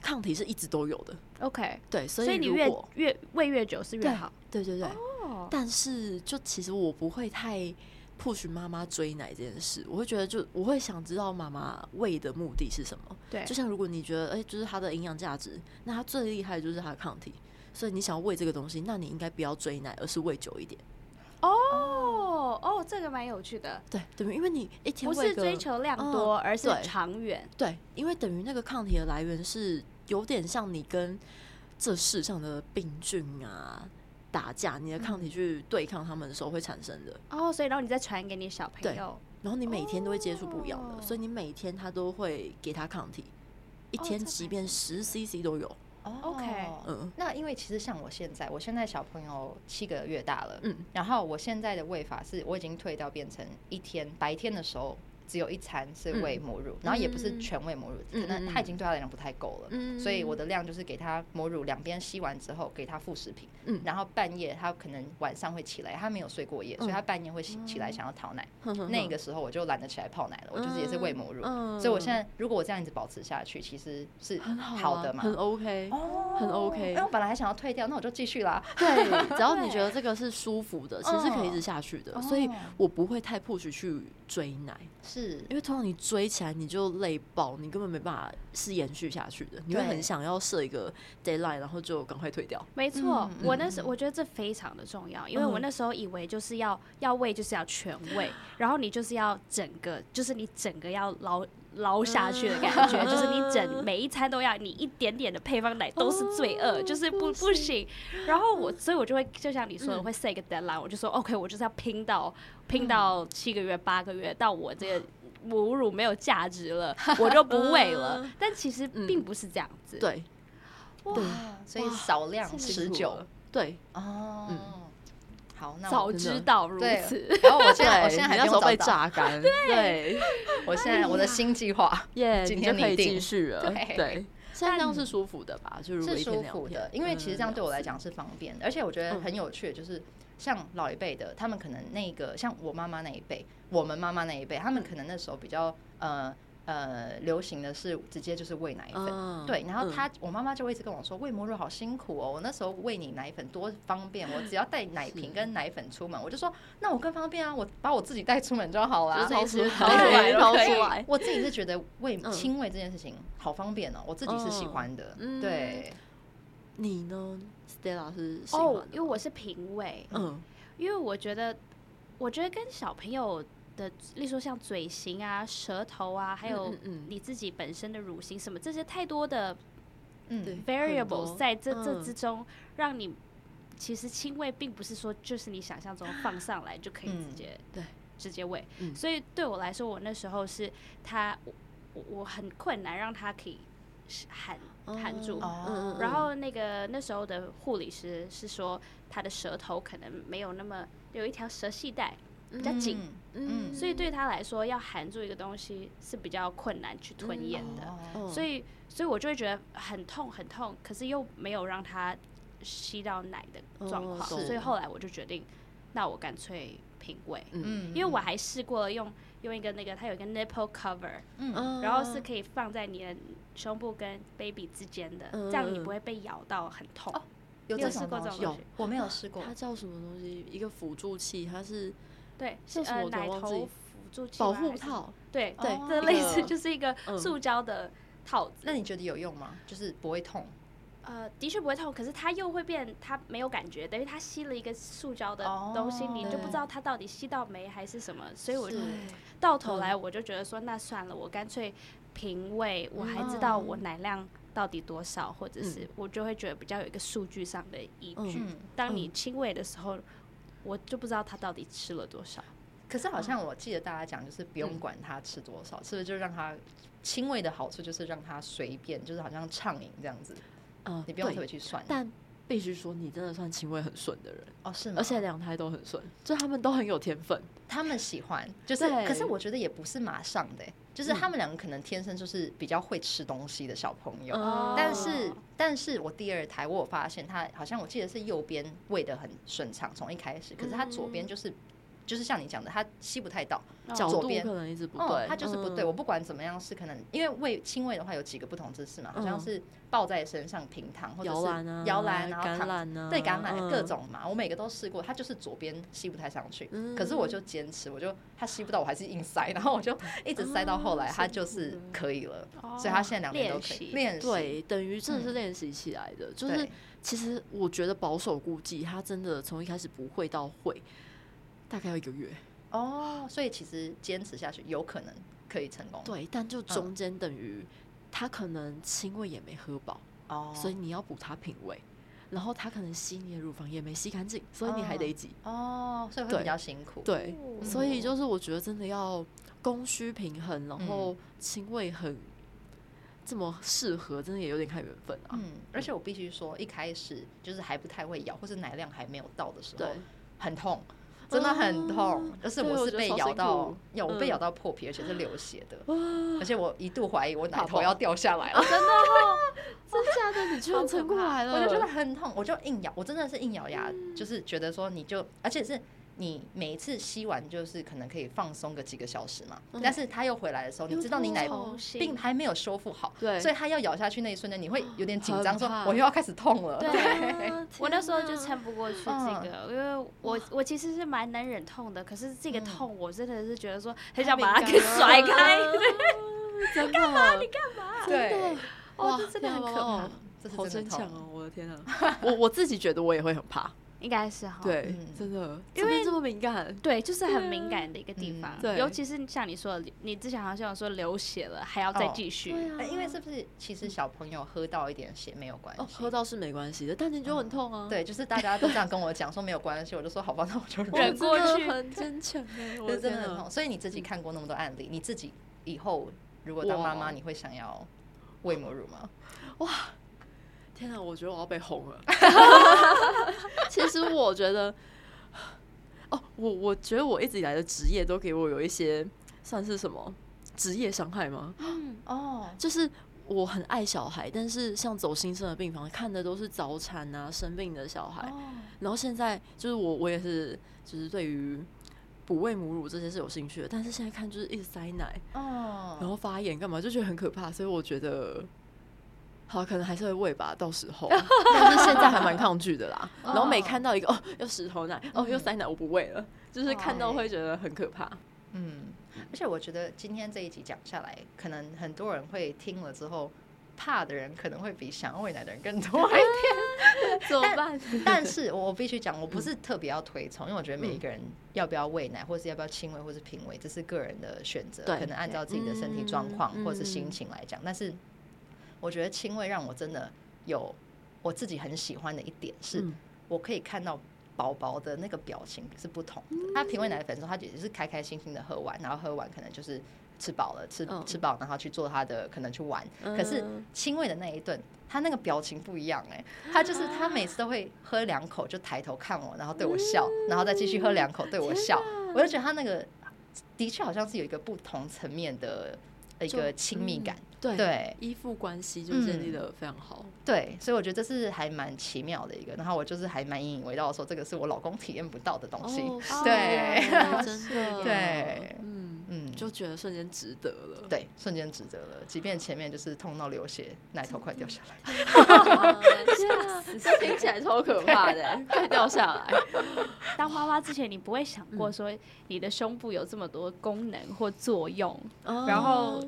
B: 抗體是一直都有的。
C: OK，對，所以你越
B: 越餵越久是越好，對對對，對，對、哦。但是就其實我不會太。push 媽媽追奶這件事，我會覺得就我會想知道媽媽餵的目的是什麼。對，就像如果你覺得哎、欸，就是它的營養價值，那它最厲害的就是它的抗體。所以你想要餵這個東西，那你應該不要追奶，而是餵久一點。
C: 哦哦，這個蠻有趣的。對，
B: 等於因為你一天不是我、嗯、追求量多，而是長遠。對，因為等於那個抗體的來源是有點像你跟這世上的病菌啊。打架，你的抗體去對抗他們的時候會產生的
C: 哦。Oh, 所以然後你再傳給你小朋友，對，然後你
B: 每天都會接觸不一樣的，oh. 所以你每天他都會給他抗體，
A: 一天即
B: 便十 CC 都有。Oh, OK，嗯，那
A: 因為其實像我現在，我現在小朋友七個月大了，嗯，然後我現在的餵法是我已經退掉，變成一天白天的時候。只有一餐是餵母乳，嗯，然後也不是全餵母乳，可、嗯、能、嗯、他已經對他來講不太夠了、嗯，所以我的量就是給他母乳兩邊吸完之後給他副食品，嗯，然後半夜他可能晚上會起來，他沒有睡過夜，嗯、所以他半夜會醒起來想要討奶，
B: 嗯，那個
A: 時候我就懶得起來泡奶了，嗯、我就是也是餵母乳，嗯，所以我現在如果我這樣子保持下去，其實是好的嘛？很 OK，、啊、很 OK，因、oh, 我、OK、本來還想要退掉，那我就繼續啦， 對，只要你覺得
B: 這個是舒服的， 其實可以一直下去的，oh, 所以我不會太迫 u 去追奶。是因為通常你追起來你就累爆，你根本沒辦法是延續下去的。你會很想要設一個 deadline，然後就趕快退掉。沒、嗯、錯、嗯，我那時候我
C: 覺得這非常的重要，嗯、因為我那時候以為就是要要餵就是要全餵、嗯，然後你就是要整個就是你整個要老、撈下去的感覺、嗯，就是你整每一餐都要你一點點的配方奶都是罪惡、哦,就是不不行。然後我，所以我就會就像你說的，嗯、我會設一個 deadline，我就說 OK，我就是要拼到拼到七個月、嗯、八個月，到我這個母乳沒有價值了，嗯、我就不餵了、嗯。但其實並不是這樣子，對，哇，所以少量持久，對，哦，嗯、好那，早知道如此，然後、哦、我現在， 我
A: 現在還找被榨乾，對。 我現在我的新計劃，今天你定，對，雖然這樣是舒服的吧，嗯、就是是舒服的、嗯，因為其實這樣對我來講是方便的、嗯，而且我覺得很有趣，就是像老一輩的，Oh. 他們可能那個像我媽媽那一輩，我們媽媽那一輩，他們可能那時候比較呃。呃，流行的是直接就是餵奶粉、啊，對。然後她，嗯、我媽媽就一直跟我說，餵母乳好辛苦哦。我那時候餵你奶粉多方便，我只要帶奶瓶跟奶粉出門，我就說那我更方便啊，我把我自己帶出門就好了，掏出掏出來掏出、欸、掏出，掏出來。我自己是覺得餵親餵這件事情好方便哦，我自己是喜
C: 歡
B: 的。嗯、對，你呢，史黛老師？
C: 哦，因為我是瓶餵，嗯，因為我覺得，我覺得跟小朋友。的，例如說像嘴型啊、舌頭啊，還有你自己本身的乳型，什麼、嗯嗯、這些太多的，variable 在這這之中，嗯，讓你其實親餵並不是說就是你想象中放上來就可以直接、嗯、對直接餵，嗯，所以對我來說，我那時候是他我我很困難讓他可以含、嗯、含住，嗯，然後那個那時候的護理師是說他的舌頭可能沒有那麼有一條舌系帶。比較緊、嗯，嗯，所以對他來說要含住一個東西是比較困難去吞嚥的、嗯哦哦，所以，所以我就會覺得很痛很痛，可是又沒有讓他吸到奶的狀況、哦，所以後來我就決定，那我乾脆瓶餵、嗯，因為我還試過了用用一個那個它有一個 nipple cover，、嗯哦、然後是可以放在你的胸部跟 baby 之間的、嗯，這樣你不會被咬到很痛。哦、有這種東西？你有試過這種東西？
B: 有，我沒有試過。它叫什麼東西？一個輔助器，它是。
C: 對，是呃奶頭輔助器保護套，套對對、哦，這類似就是一個塑膠
B: 的套子、嗯。那你覺得有用嗎？
A: 就是不會痛？
C: 呃，的確不會痛，可是它又會變，它沒有感覺，等於它吸了一個塑膠的東西、哦，你就不知道它到底吸到沒還是什麼。所以我就到頭來，我就覺得說，嗯、那算了，我乾脆瓶餵。我還知道我奶量到底多少，或者是我就會覺得比較有一個數據上的依據。嗯、當你親餵的時候。嗯嗯我就不知道他到底吃了多少，
A: 可是好像我記得大家講就是不用管他吃多少，嗯、是不是就讓他親餵的好處就是讓他隨便，就是好像暢
B: 飲這樣子、呃。你不用特別去算，但必須說你真的算親餵很順的人哦，是嗎？而且兩胎都很順，就他們都很有天分，他們喜歡就是，可是我覺得
A: 也不是馬上的。就是他們兩個可能天生就是比較會吃東西的小朋友，嗯、但是，但是我第二胎，我有發現他好像，我記得是右邊餵的很順暢，從一開始，可是他左邊就是。就是像你講的，他吸不太到，左邊。可能一
B: 直不對，他、哦、就是不對、嗯。我不
A: 管怎麼樣是可能，因為餵親餵的話有幾個不同姿勢嘛，好、嗯、像是抱在身上平躺，或者是搖籃啊，搖、嗯、啊，對橄欖、嗯、各種嘛，我每個都試過，他就是左邊吸不太上去，嗯、可是我就堅持，我就他吸不到，我還是硬塞，然
B: 後我就一直塞到後來，他、嗯、就是可以了，嗯、所以他現在兩邊都可以練習，對，等於真的是練習起來的、嗯，就是其實我覺得保守估計，他真的從一開始不會到會。大概要一個月
A: 哦，oh, 所以其實堅持下去
B: 有可能可以成功。對，但就中間等於他可能親餵也沒喝飽哦，oh. 所以你要補他瓶餵，然後他可能吸你的乳房也沒吸乾淨，所以你還得擠
A: 哦，oh. Oh, 所以會比較辛苦。對，對、嗯，所以就
B: 是我覺得真的要供需平衡，然後親餵很這麼適合，真的也有點看緣分啊。嗯，
A: 而且我必須說，一開始就是還不太會咬或是奶量還沒有到的時候，對，很痛。
B: 真的很痛，但、啊就是我是被咬到我咬，我被咬到破
A: 皮，嗯、而且是流血的，啊、而且我一度懷疑我奶頭要掉下來了。好好
B: 真的、哦，這 下子你就撐過來了、啊，我就覺得
A: 很痛，我就硬咬，我真的是硬咬牙，嗯、就是覺得說你就，而且是。你每一次吸完，就是可能可以放鬆個幾個小時嘛，嗯。但是他又回來的時候，你知道你奶並還沒有修復好，所以他要咬下去那一瞬間，你會有點緊張，說我又要開始痛了。啊、對，我那
C: 時候就撐不過去這個，啊、因為我我其實是蠻難忍痛的，可是這個痛我真的是覺得說很想把它給甩開。你、啊、幹 嘛、啊？你幹嘛、啊？對，哇，哦、這真的很可怕，真哦、好真強哦！我的天哪，
B: 我我自己覺得我也會很怕。
C: 應該是哈，
B: 對、嗯，真
C: 的，因為怎麼這麼敏感，對，就是很敏感的一個地方，對啊嗯、對尤其是像你說的，你之前好像說流血了還要再繼續、哦啊欸，因為是
A: 不是其實小朋友喝到一點血沒有關係？哦，喝到是沒關係的，但你就很痛啊、哦。對，就是大家都這樣跟我講說沒有關係， 我就說好吧，那 我就忍，我真忍過去很真誠，很堅強，我
B: 真，真的很痛。所
A: 以你自己看過那麼多案例，嗯、你自己以後如果當媽媽，你會想要餵母乳嗎？哇！哇
B: 天啊，我覺得我要被哄了！ 其實我覺得，哦，我我覺得我一直以來的職業都給我有一些算是什麼職業傷害嗎？嗯，哦，就是我很愛小孩，但是像走新生的病房看的都是早產啊、生病的小孩，哦、然後現在就是我我也是，就是對於哺餵母乳這些是有興趣的，但是現在看就是一直塞奶，哦，然後發炎幹嘛，就覺得很可怕，所以我覺得。好，可能還是會餵吧，到時候。 但是現在還蠻抗拒的啦。然後每看到一個哦，又石頭奶、嗯，哦，又塞奶，我不餵了，就是看到會覺得很可怕。嗯，而且我
A: 覺得今天這一集講下來，可能很多人會聽了之後，怕的人可能會比想要餵奶的人更多一點、啊。怎麼辦？但是我必須講，我不是特別要推崇、嗯，因為我覺得每一個人要不要餵奶，或是要不要親餵，或是瓶餵，這是個人的選擇，可能按照自己的身體狀況或是心情來講、嗯，但是。我覺得親餵讓我真的有我自己很喜歡的一點，是我可以看到寶寶的那個表情是不同的。他瓶餵奶粉的時候，他只是開開心心的喝完，然後喝完可能就是吃飽了，吃吃飽然後去做他的可能去玩。可是親餵的那一頓，他那個表情不一樣哎、欸，他就是他每次都會喝兩口就抬頭看我，然後對我笑，然後再繼續喝兩口對我笑。我就覺得他那個的確好像是有一個不同層面的一個親密感。
B: 對，對，依附關係就建立得非常好，嗯。
A: 對，所以我覺得這是還蠻奇妙的一個。然後我就是還蠻引以為傲的說，這個是我老公體驗不到的東西。哦，對，哦對哦，真的，對，嗯嗯，就覺得瞬間值得了。對，瞬間值得了。即便前面就是痛到流血，嗯，奶頭快掉下來，
B: 只，嗯，是 ，yes. 聽起來超可怕的，
C: 快掉下來。當花花之前，你不會想過說你的胸部有這麼多功能或作用，嗯，然後。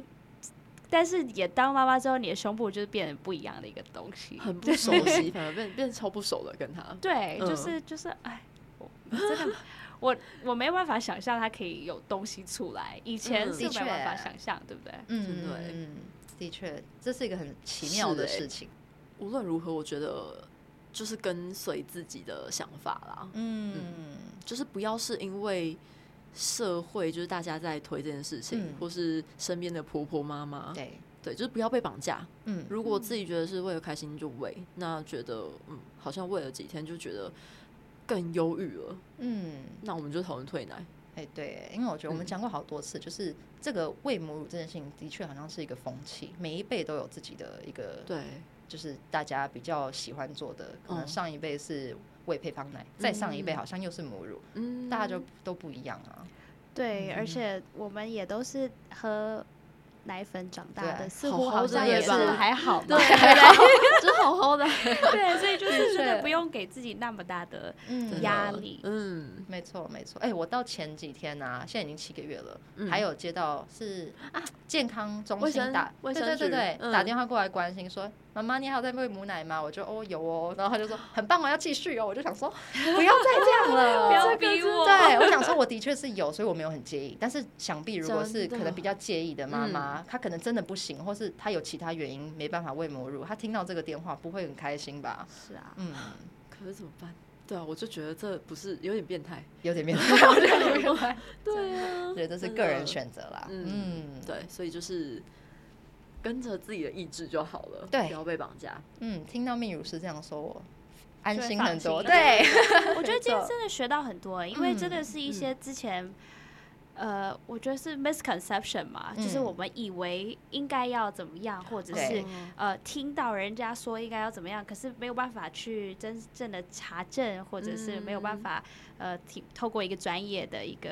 C: 但是也當媽媽之後，你的胸部就是變得不一樣的一個東西，很不熟悉， 反而變變超不熟的跟他。對，就、嗯、是就是，哎、就是，我真的， 我我沒辦法想象，它可以有東西出來，以前是沒辦法想象，嗯嗯，對不對？嗯，對、嗯，
A: 的確，這是一個很奇妙的事
B: 情。欸、無論如何，我覺得就是跟隨自己的想法啦，嗯。嗯，就是不要是因為。社會就是大家在推這件事情，嗯、或是身邊的婆婆媽媽，對、嗯、對，就是不要被綁架。嗯，如果自己覺得是為了開心就餵，那覺得嗯，好像餵了幾天就覺得更憂鬱了。嗯，那我們就討論退奶。哎、欸，對，因為我覺得我們講過好多次，嗯、就是
A: 這個餵母乳這件事情的確好像是一個風氣，每一輩都有自己的一個，對，就是大家比較喜歡做的，嗯、可能上一輩是。餵，配方奶再上一輩好像又是母乳，嗯，大家就都不一樣啊。
C: 對，而且我們也都是喝奶粉長大的，似乎好像也是還、嗯、好，好，對，還好，嗯、就好好的。嗯，好嗯、好好 對，所以就是真的不用給自己那麼大的壓
A: 力。嗯，沒、嗯、錯、嗯，沒錯。哎、欸，我到前幾天呢、啊，現在已經七個月了，嗯、還有接到是啊健康中心打，對對對，對，對、嗯，打電話過來關心說。媽媽，你還有在餵母奶嗎？我就哦有哦，然後他就說很棒哦，要繼續哦。我就想說不要再這樣了， 不要再逼我。對，我想說我的確是有，所以我沒有很介意。但是想必如果是可能比較介意的媽媽，嗯，她可能真的不行，或是她有其他原因沒辦法餵母乳，她聽到這個電話不會很開心吧？是啊，
B: 嗯，可是怎麼辦？
A: 對啊，我就覺得這不
B: 是有點變態，
A: 有點變態， 我覺得
B: 有點變態。 對啊，也這是個人選擇啦嗯。嗯，對，所以就是。跟着自己的意志就好了，對，不要被綁架。嗯，
A: 聽到泌乳師這樣說，我安心很多。對，對
C: 我覺得今天真的學到很多，因為真的是一些之前，嗯、呃，我覺得是 misconception 嘛、嗯，就是我們以為應該要怎麼樣，嗯、或者是呃，聽到人家說應該要怎麼樣，可是沒有辦法去真正的查證，或者是沒有辦法、嗯、呃，透過一個專業的一個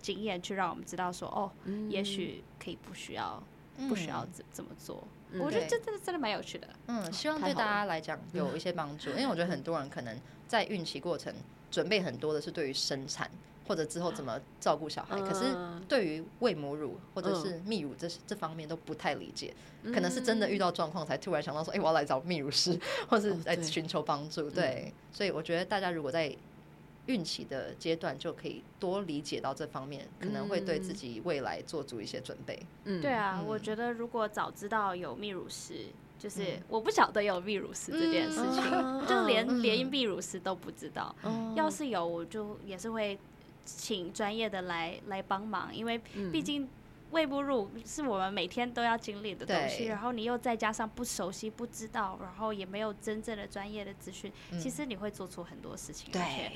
C: 經驗去讓我們知道說，哦，也許可以不需要。不需要怎怎麼做、嗯，我覺得這真的真的蠻有趣的、
A: 啊。嗯，希望對大家來講有一些幫助，因為我覺得很多人可能在孕期過程準備很多的是對於生產或者之後怎麼照顧小孩、嗯，可是對於餵母乳或者是泌乳這這方面都不太理解，嗯、可能是真的遇到狀況才突然想到說，誒、嗯欸，我要來找泌乳師，或是來尋求幫助。哦、對，對、嗯，所以我覺得大家如果在孕期的階段就可以多理解到這方面，可能會對自己未來做足一些
C: 準備。嗯，嗯對啊、嗯，我覺得如果早知道有泌乳師，就是我不曉得有泌乳師這件事情，嗯哦、 就連、嗯、連泌乳師都不知道。嗯、要是有，我就也是會請專業的來來幫忙，因為畢竟餵母乳是我們每天都要經歷的東西，對。然後你又再加上不熟悉、不知道，然後也沒有真正的專業的資訊、嗯，其實你會做出很多事情。對。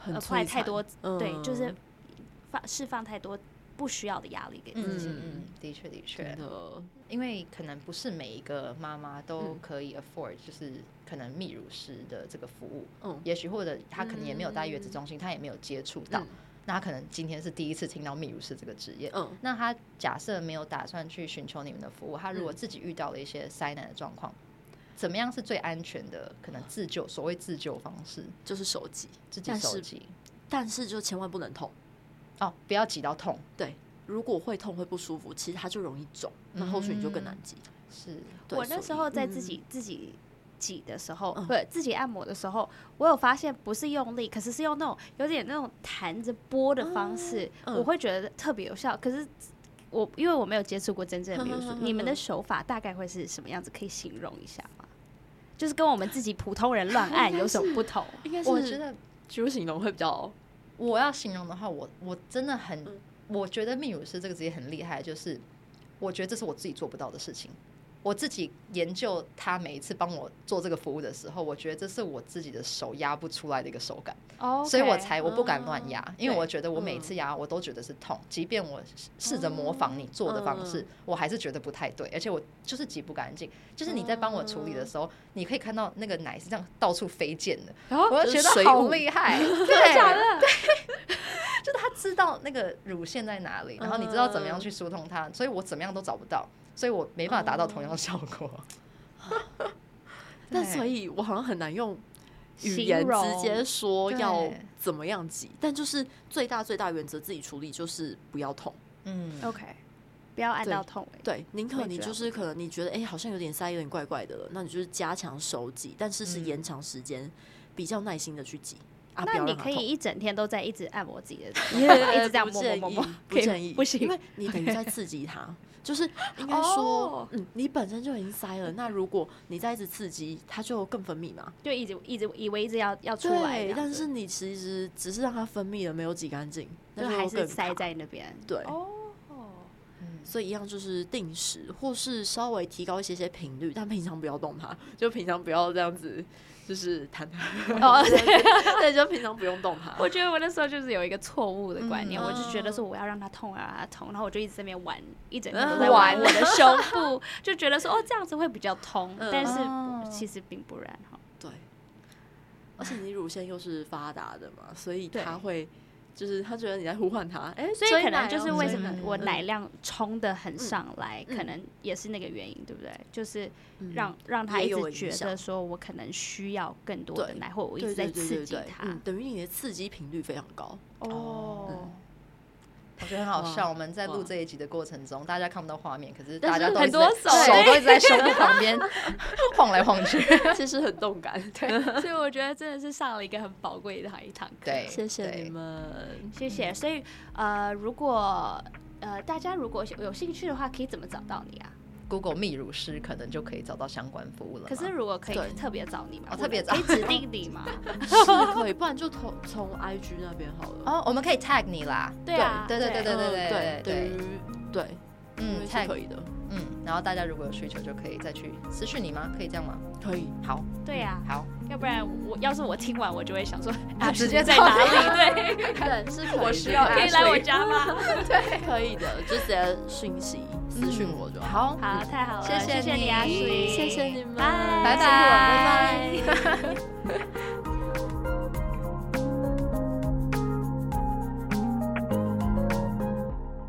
C: 很快太多、嗯、對，就是放釋放太多不需要的壓力給自己。嗯，嗯
A: 的確的確，因為可能不是每一個媽媽都可以 afford，就是可能泌乳師的這個服務。嗯，也許或者她可能也沒有在月子中心，她、嗯、也沒有接觸到，嗯、那她可能今天是第一次聽到泌乳師這個職業。嗯，那她假設沒有打算去尋求你們的服務，她如果自己遇到了一些災難的狀況，怎麼樣是最安全的？可能自救，所謂自救方式就是手擠，自己手擠。
B: 但是就千萬不能痛哦，不要擠到痛。對，如果會痛會不舒服，其實它就容易腫、嗯，那後續你就更難擠。是對，我那時候在自己、嗯、
C: 自己擠的時候，對、嗯，自己按摩的時候，我有發現不是用力，可是是用那種有點那種彈着撥的方式、嗯，我會覺得特別有效。可是我因為我沒有接觸過真正的比如說、嗯，你們的手法大概會是什麼樣子？可以形容一下嗎？就是跟我們自己普通人亂按有什麼不同？我覺得，
B: 就形容會
A: 比較？我要形容的話我，我我真的很，嗯、我覺得泌乳師這個職業很厲害，就是我覺得這是我自己做不到的事情。我自己研究他每一次幫我做這個服務的時候，我覺得這是我自己的手壓不出來的一個手感，oh,
C: okay, 所以我才我不
A: 敢亂壓、嗯，因為我覺得我每次壓我都覺得是痛，即便我試着模仿你做的方式、嗯，我還是覺得不太對，而且我就是擠不乾淨、嗯。就是你在幫我處理的時候，你可以看到那個奶是這樣到處飛濺的，然、哦、後我覺得好厲害，真的假的？對，嗯對嗯，就是他知道那個乳腺在哪裡、嗯，然後你知道怎麼樣去疏通它，所以我怎麼樣都找不到。所以我沒辦法達到同樣效果、oh.，
C: 但所
B: 以我好像很難用語言直接說要怎麼樣擠，但就是最大最大原則自己處理，就是不要痛。
C: 嗯，OK，不要按到痛、欸。對，寧可你就是
B: 可能你覺得、欸、好像有點塞，有點怪怪的，那你就是加強手擠，但是是延長時間、嗯，比較耐心的去擠。那你可以一
C: 整天都在一直按摩自己的，yeah, 一直這樣摸摸摸，不建議，摸摸，不建議，okay, 不行。Okay, 因為等於在
B: 刺激它，okay. 就是應該說，oh. 嗯，你本身就已經塞了。那如果你再一直刺激，它就更分泌嘛，
C: 就一直一直以為一直要要出來。對，但是你其
B: 實只是讓它分泌了，沒有擠乾淨，就是、還是塞在那邊。對哦、oh. 嗯，所以一樣就是定時，或是稍微提高一些些頻率。但平常不要動它，
C: 就平常不要這樣子。就是彈它、 oh, oh, yeah.，對，就
B: 平常不用動它。
C: 我覺得我那時候就是有一個錯誤的觀念，mm, uh, 我就覺得說我要讓它痛、啊，讓它痛，然後我就一直在那邊玩，一整個在玩我的胸部，uh, uh, 就覺得說哦這樣子會比較痛，uh, uh, 但是其實並不然哈。對，而且你乳腺又是發達的嘛，所以它會。就是他覺得你在呼喚他、欸，所以可能就是為什麼我奶量衝得很上來、嗯，可能也是那個原因，嗯、對不對？就是讓、嗯、讓他一直覺得說我可能需要更多的奶，我或我一直在刺激他，對對對對對對嗯、等於你的刺激
B: 頻率非常高
C: 哦。嗯我覺得很好笑。我們在錄這一集的過程
A: 中，大家看不到畫面，可是大家都很多手、欸、手都一直在胸部旁邊 晃來晃
C: 去，其實很動感。對， 所以我覺得真的是上了一個很寶貴的一堂課，對，謝謝你們，謝謝。所以呃，如果呃大家如果有興趣的話，可以怎麼找到你啊？
A: Google 泌乳師，可能就可以找到相關服務了。可是如果可以特
C: 別找你嘛，我特別找，你，你指定你嘛？Oh, 是可以，不然就投從
B: IG 那邊好
A: 了。哦、 oh，我們可以 tag 你啦。對、啊、對對對對對、嗯、對對對，對，對，對，對嗯，是可以的。Tag，嗯，然後大家如果有需求就可以再去私訊你嗎？可以這樣嗎？
B: 可以。好。對呀、啊。好。
C: 要不然我要是我聽完我就會想說，啊直接啊在哪裡？對， 對 是可以我需要，啊、可以來我家嗎？ 對，可以的，就
B: 直接訊息諮詢我就好，嗯
C: 好嗯。好，太好了，謝謝你，謝謝你阿水，謝謝你們，拜拜，拜拜。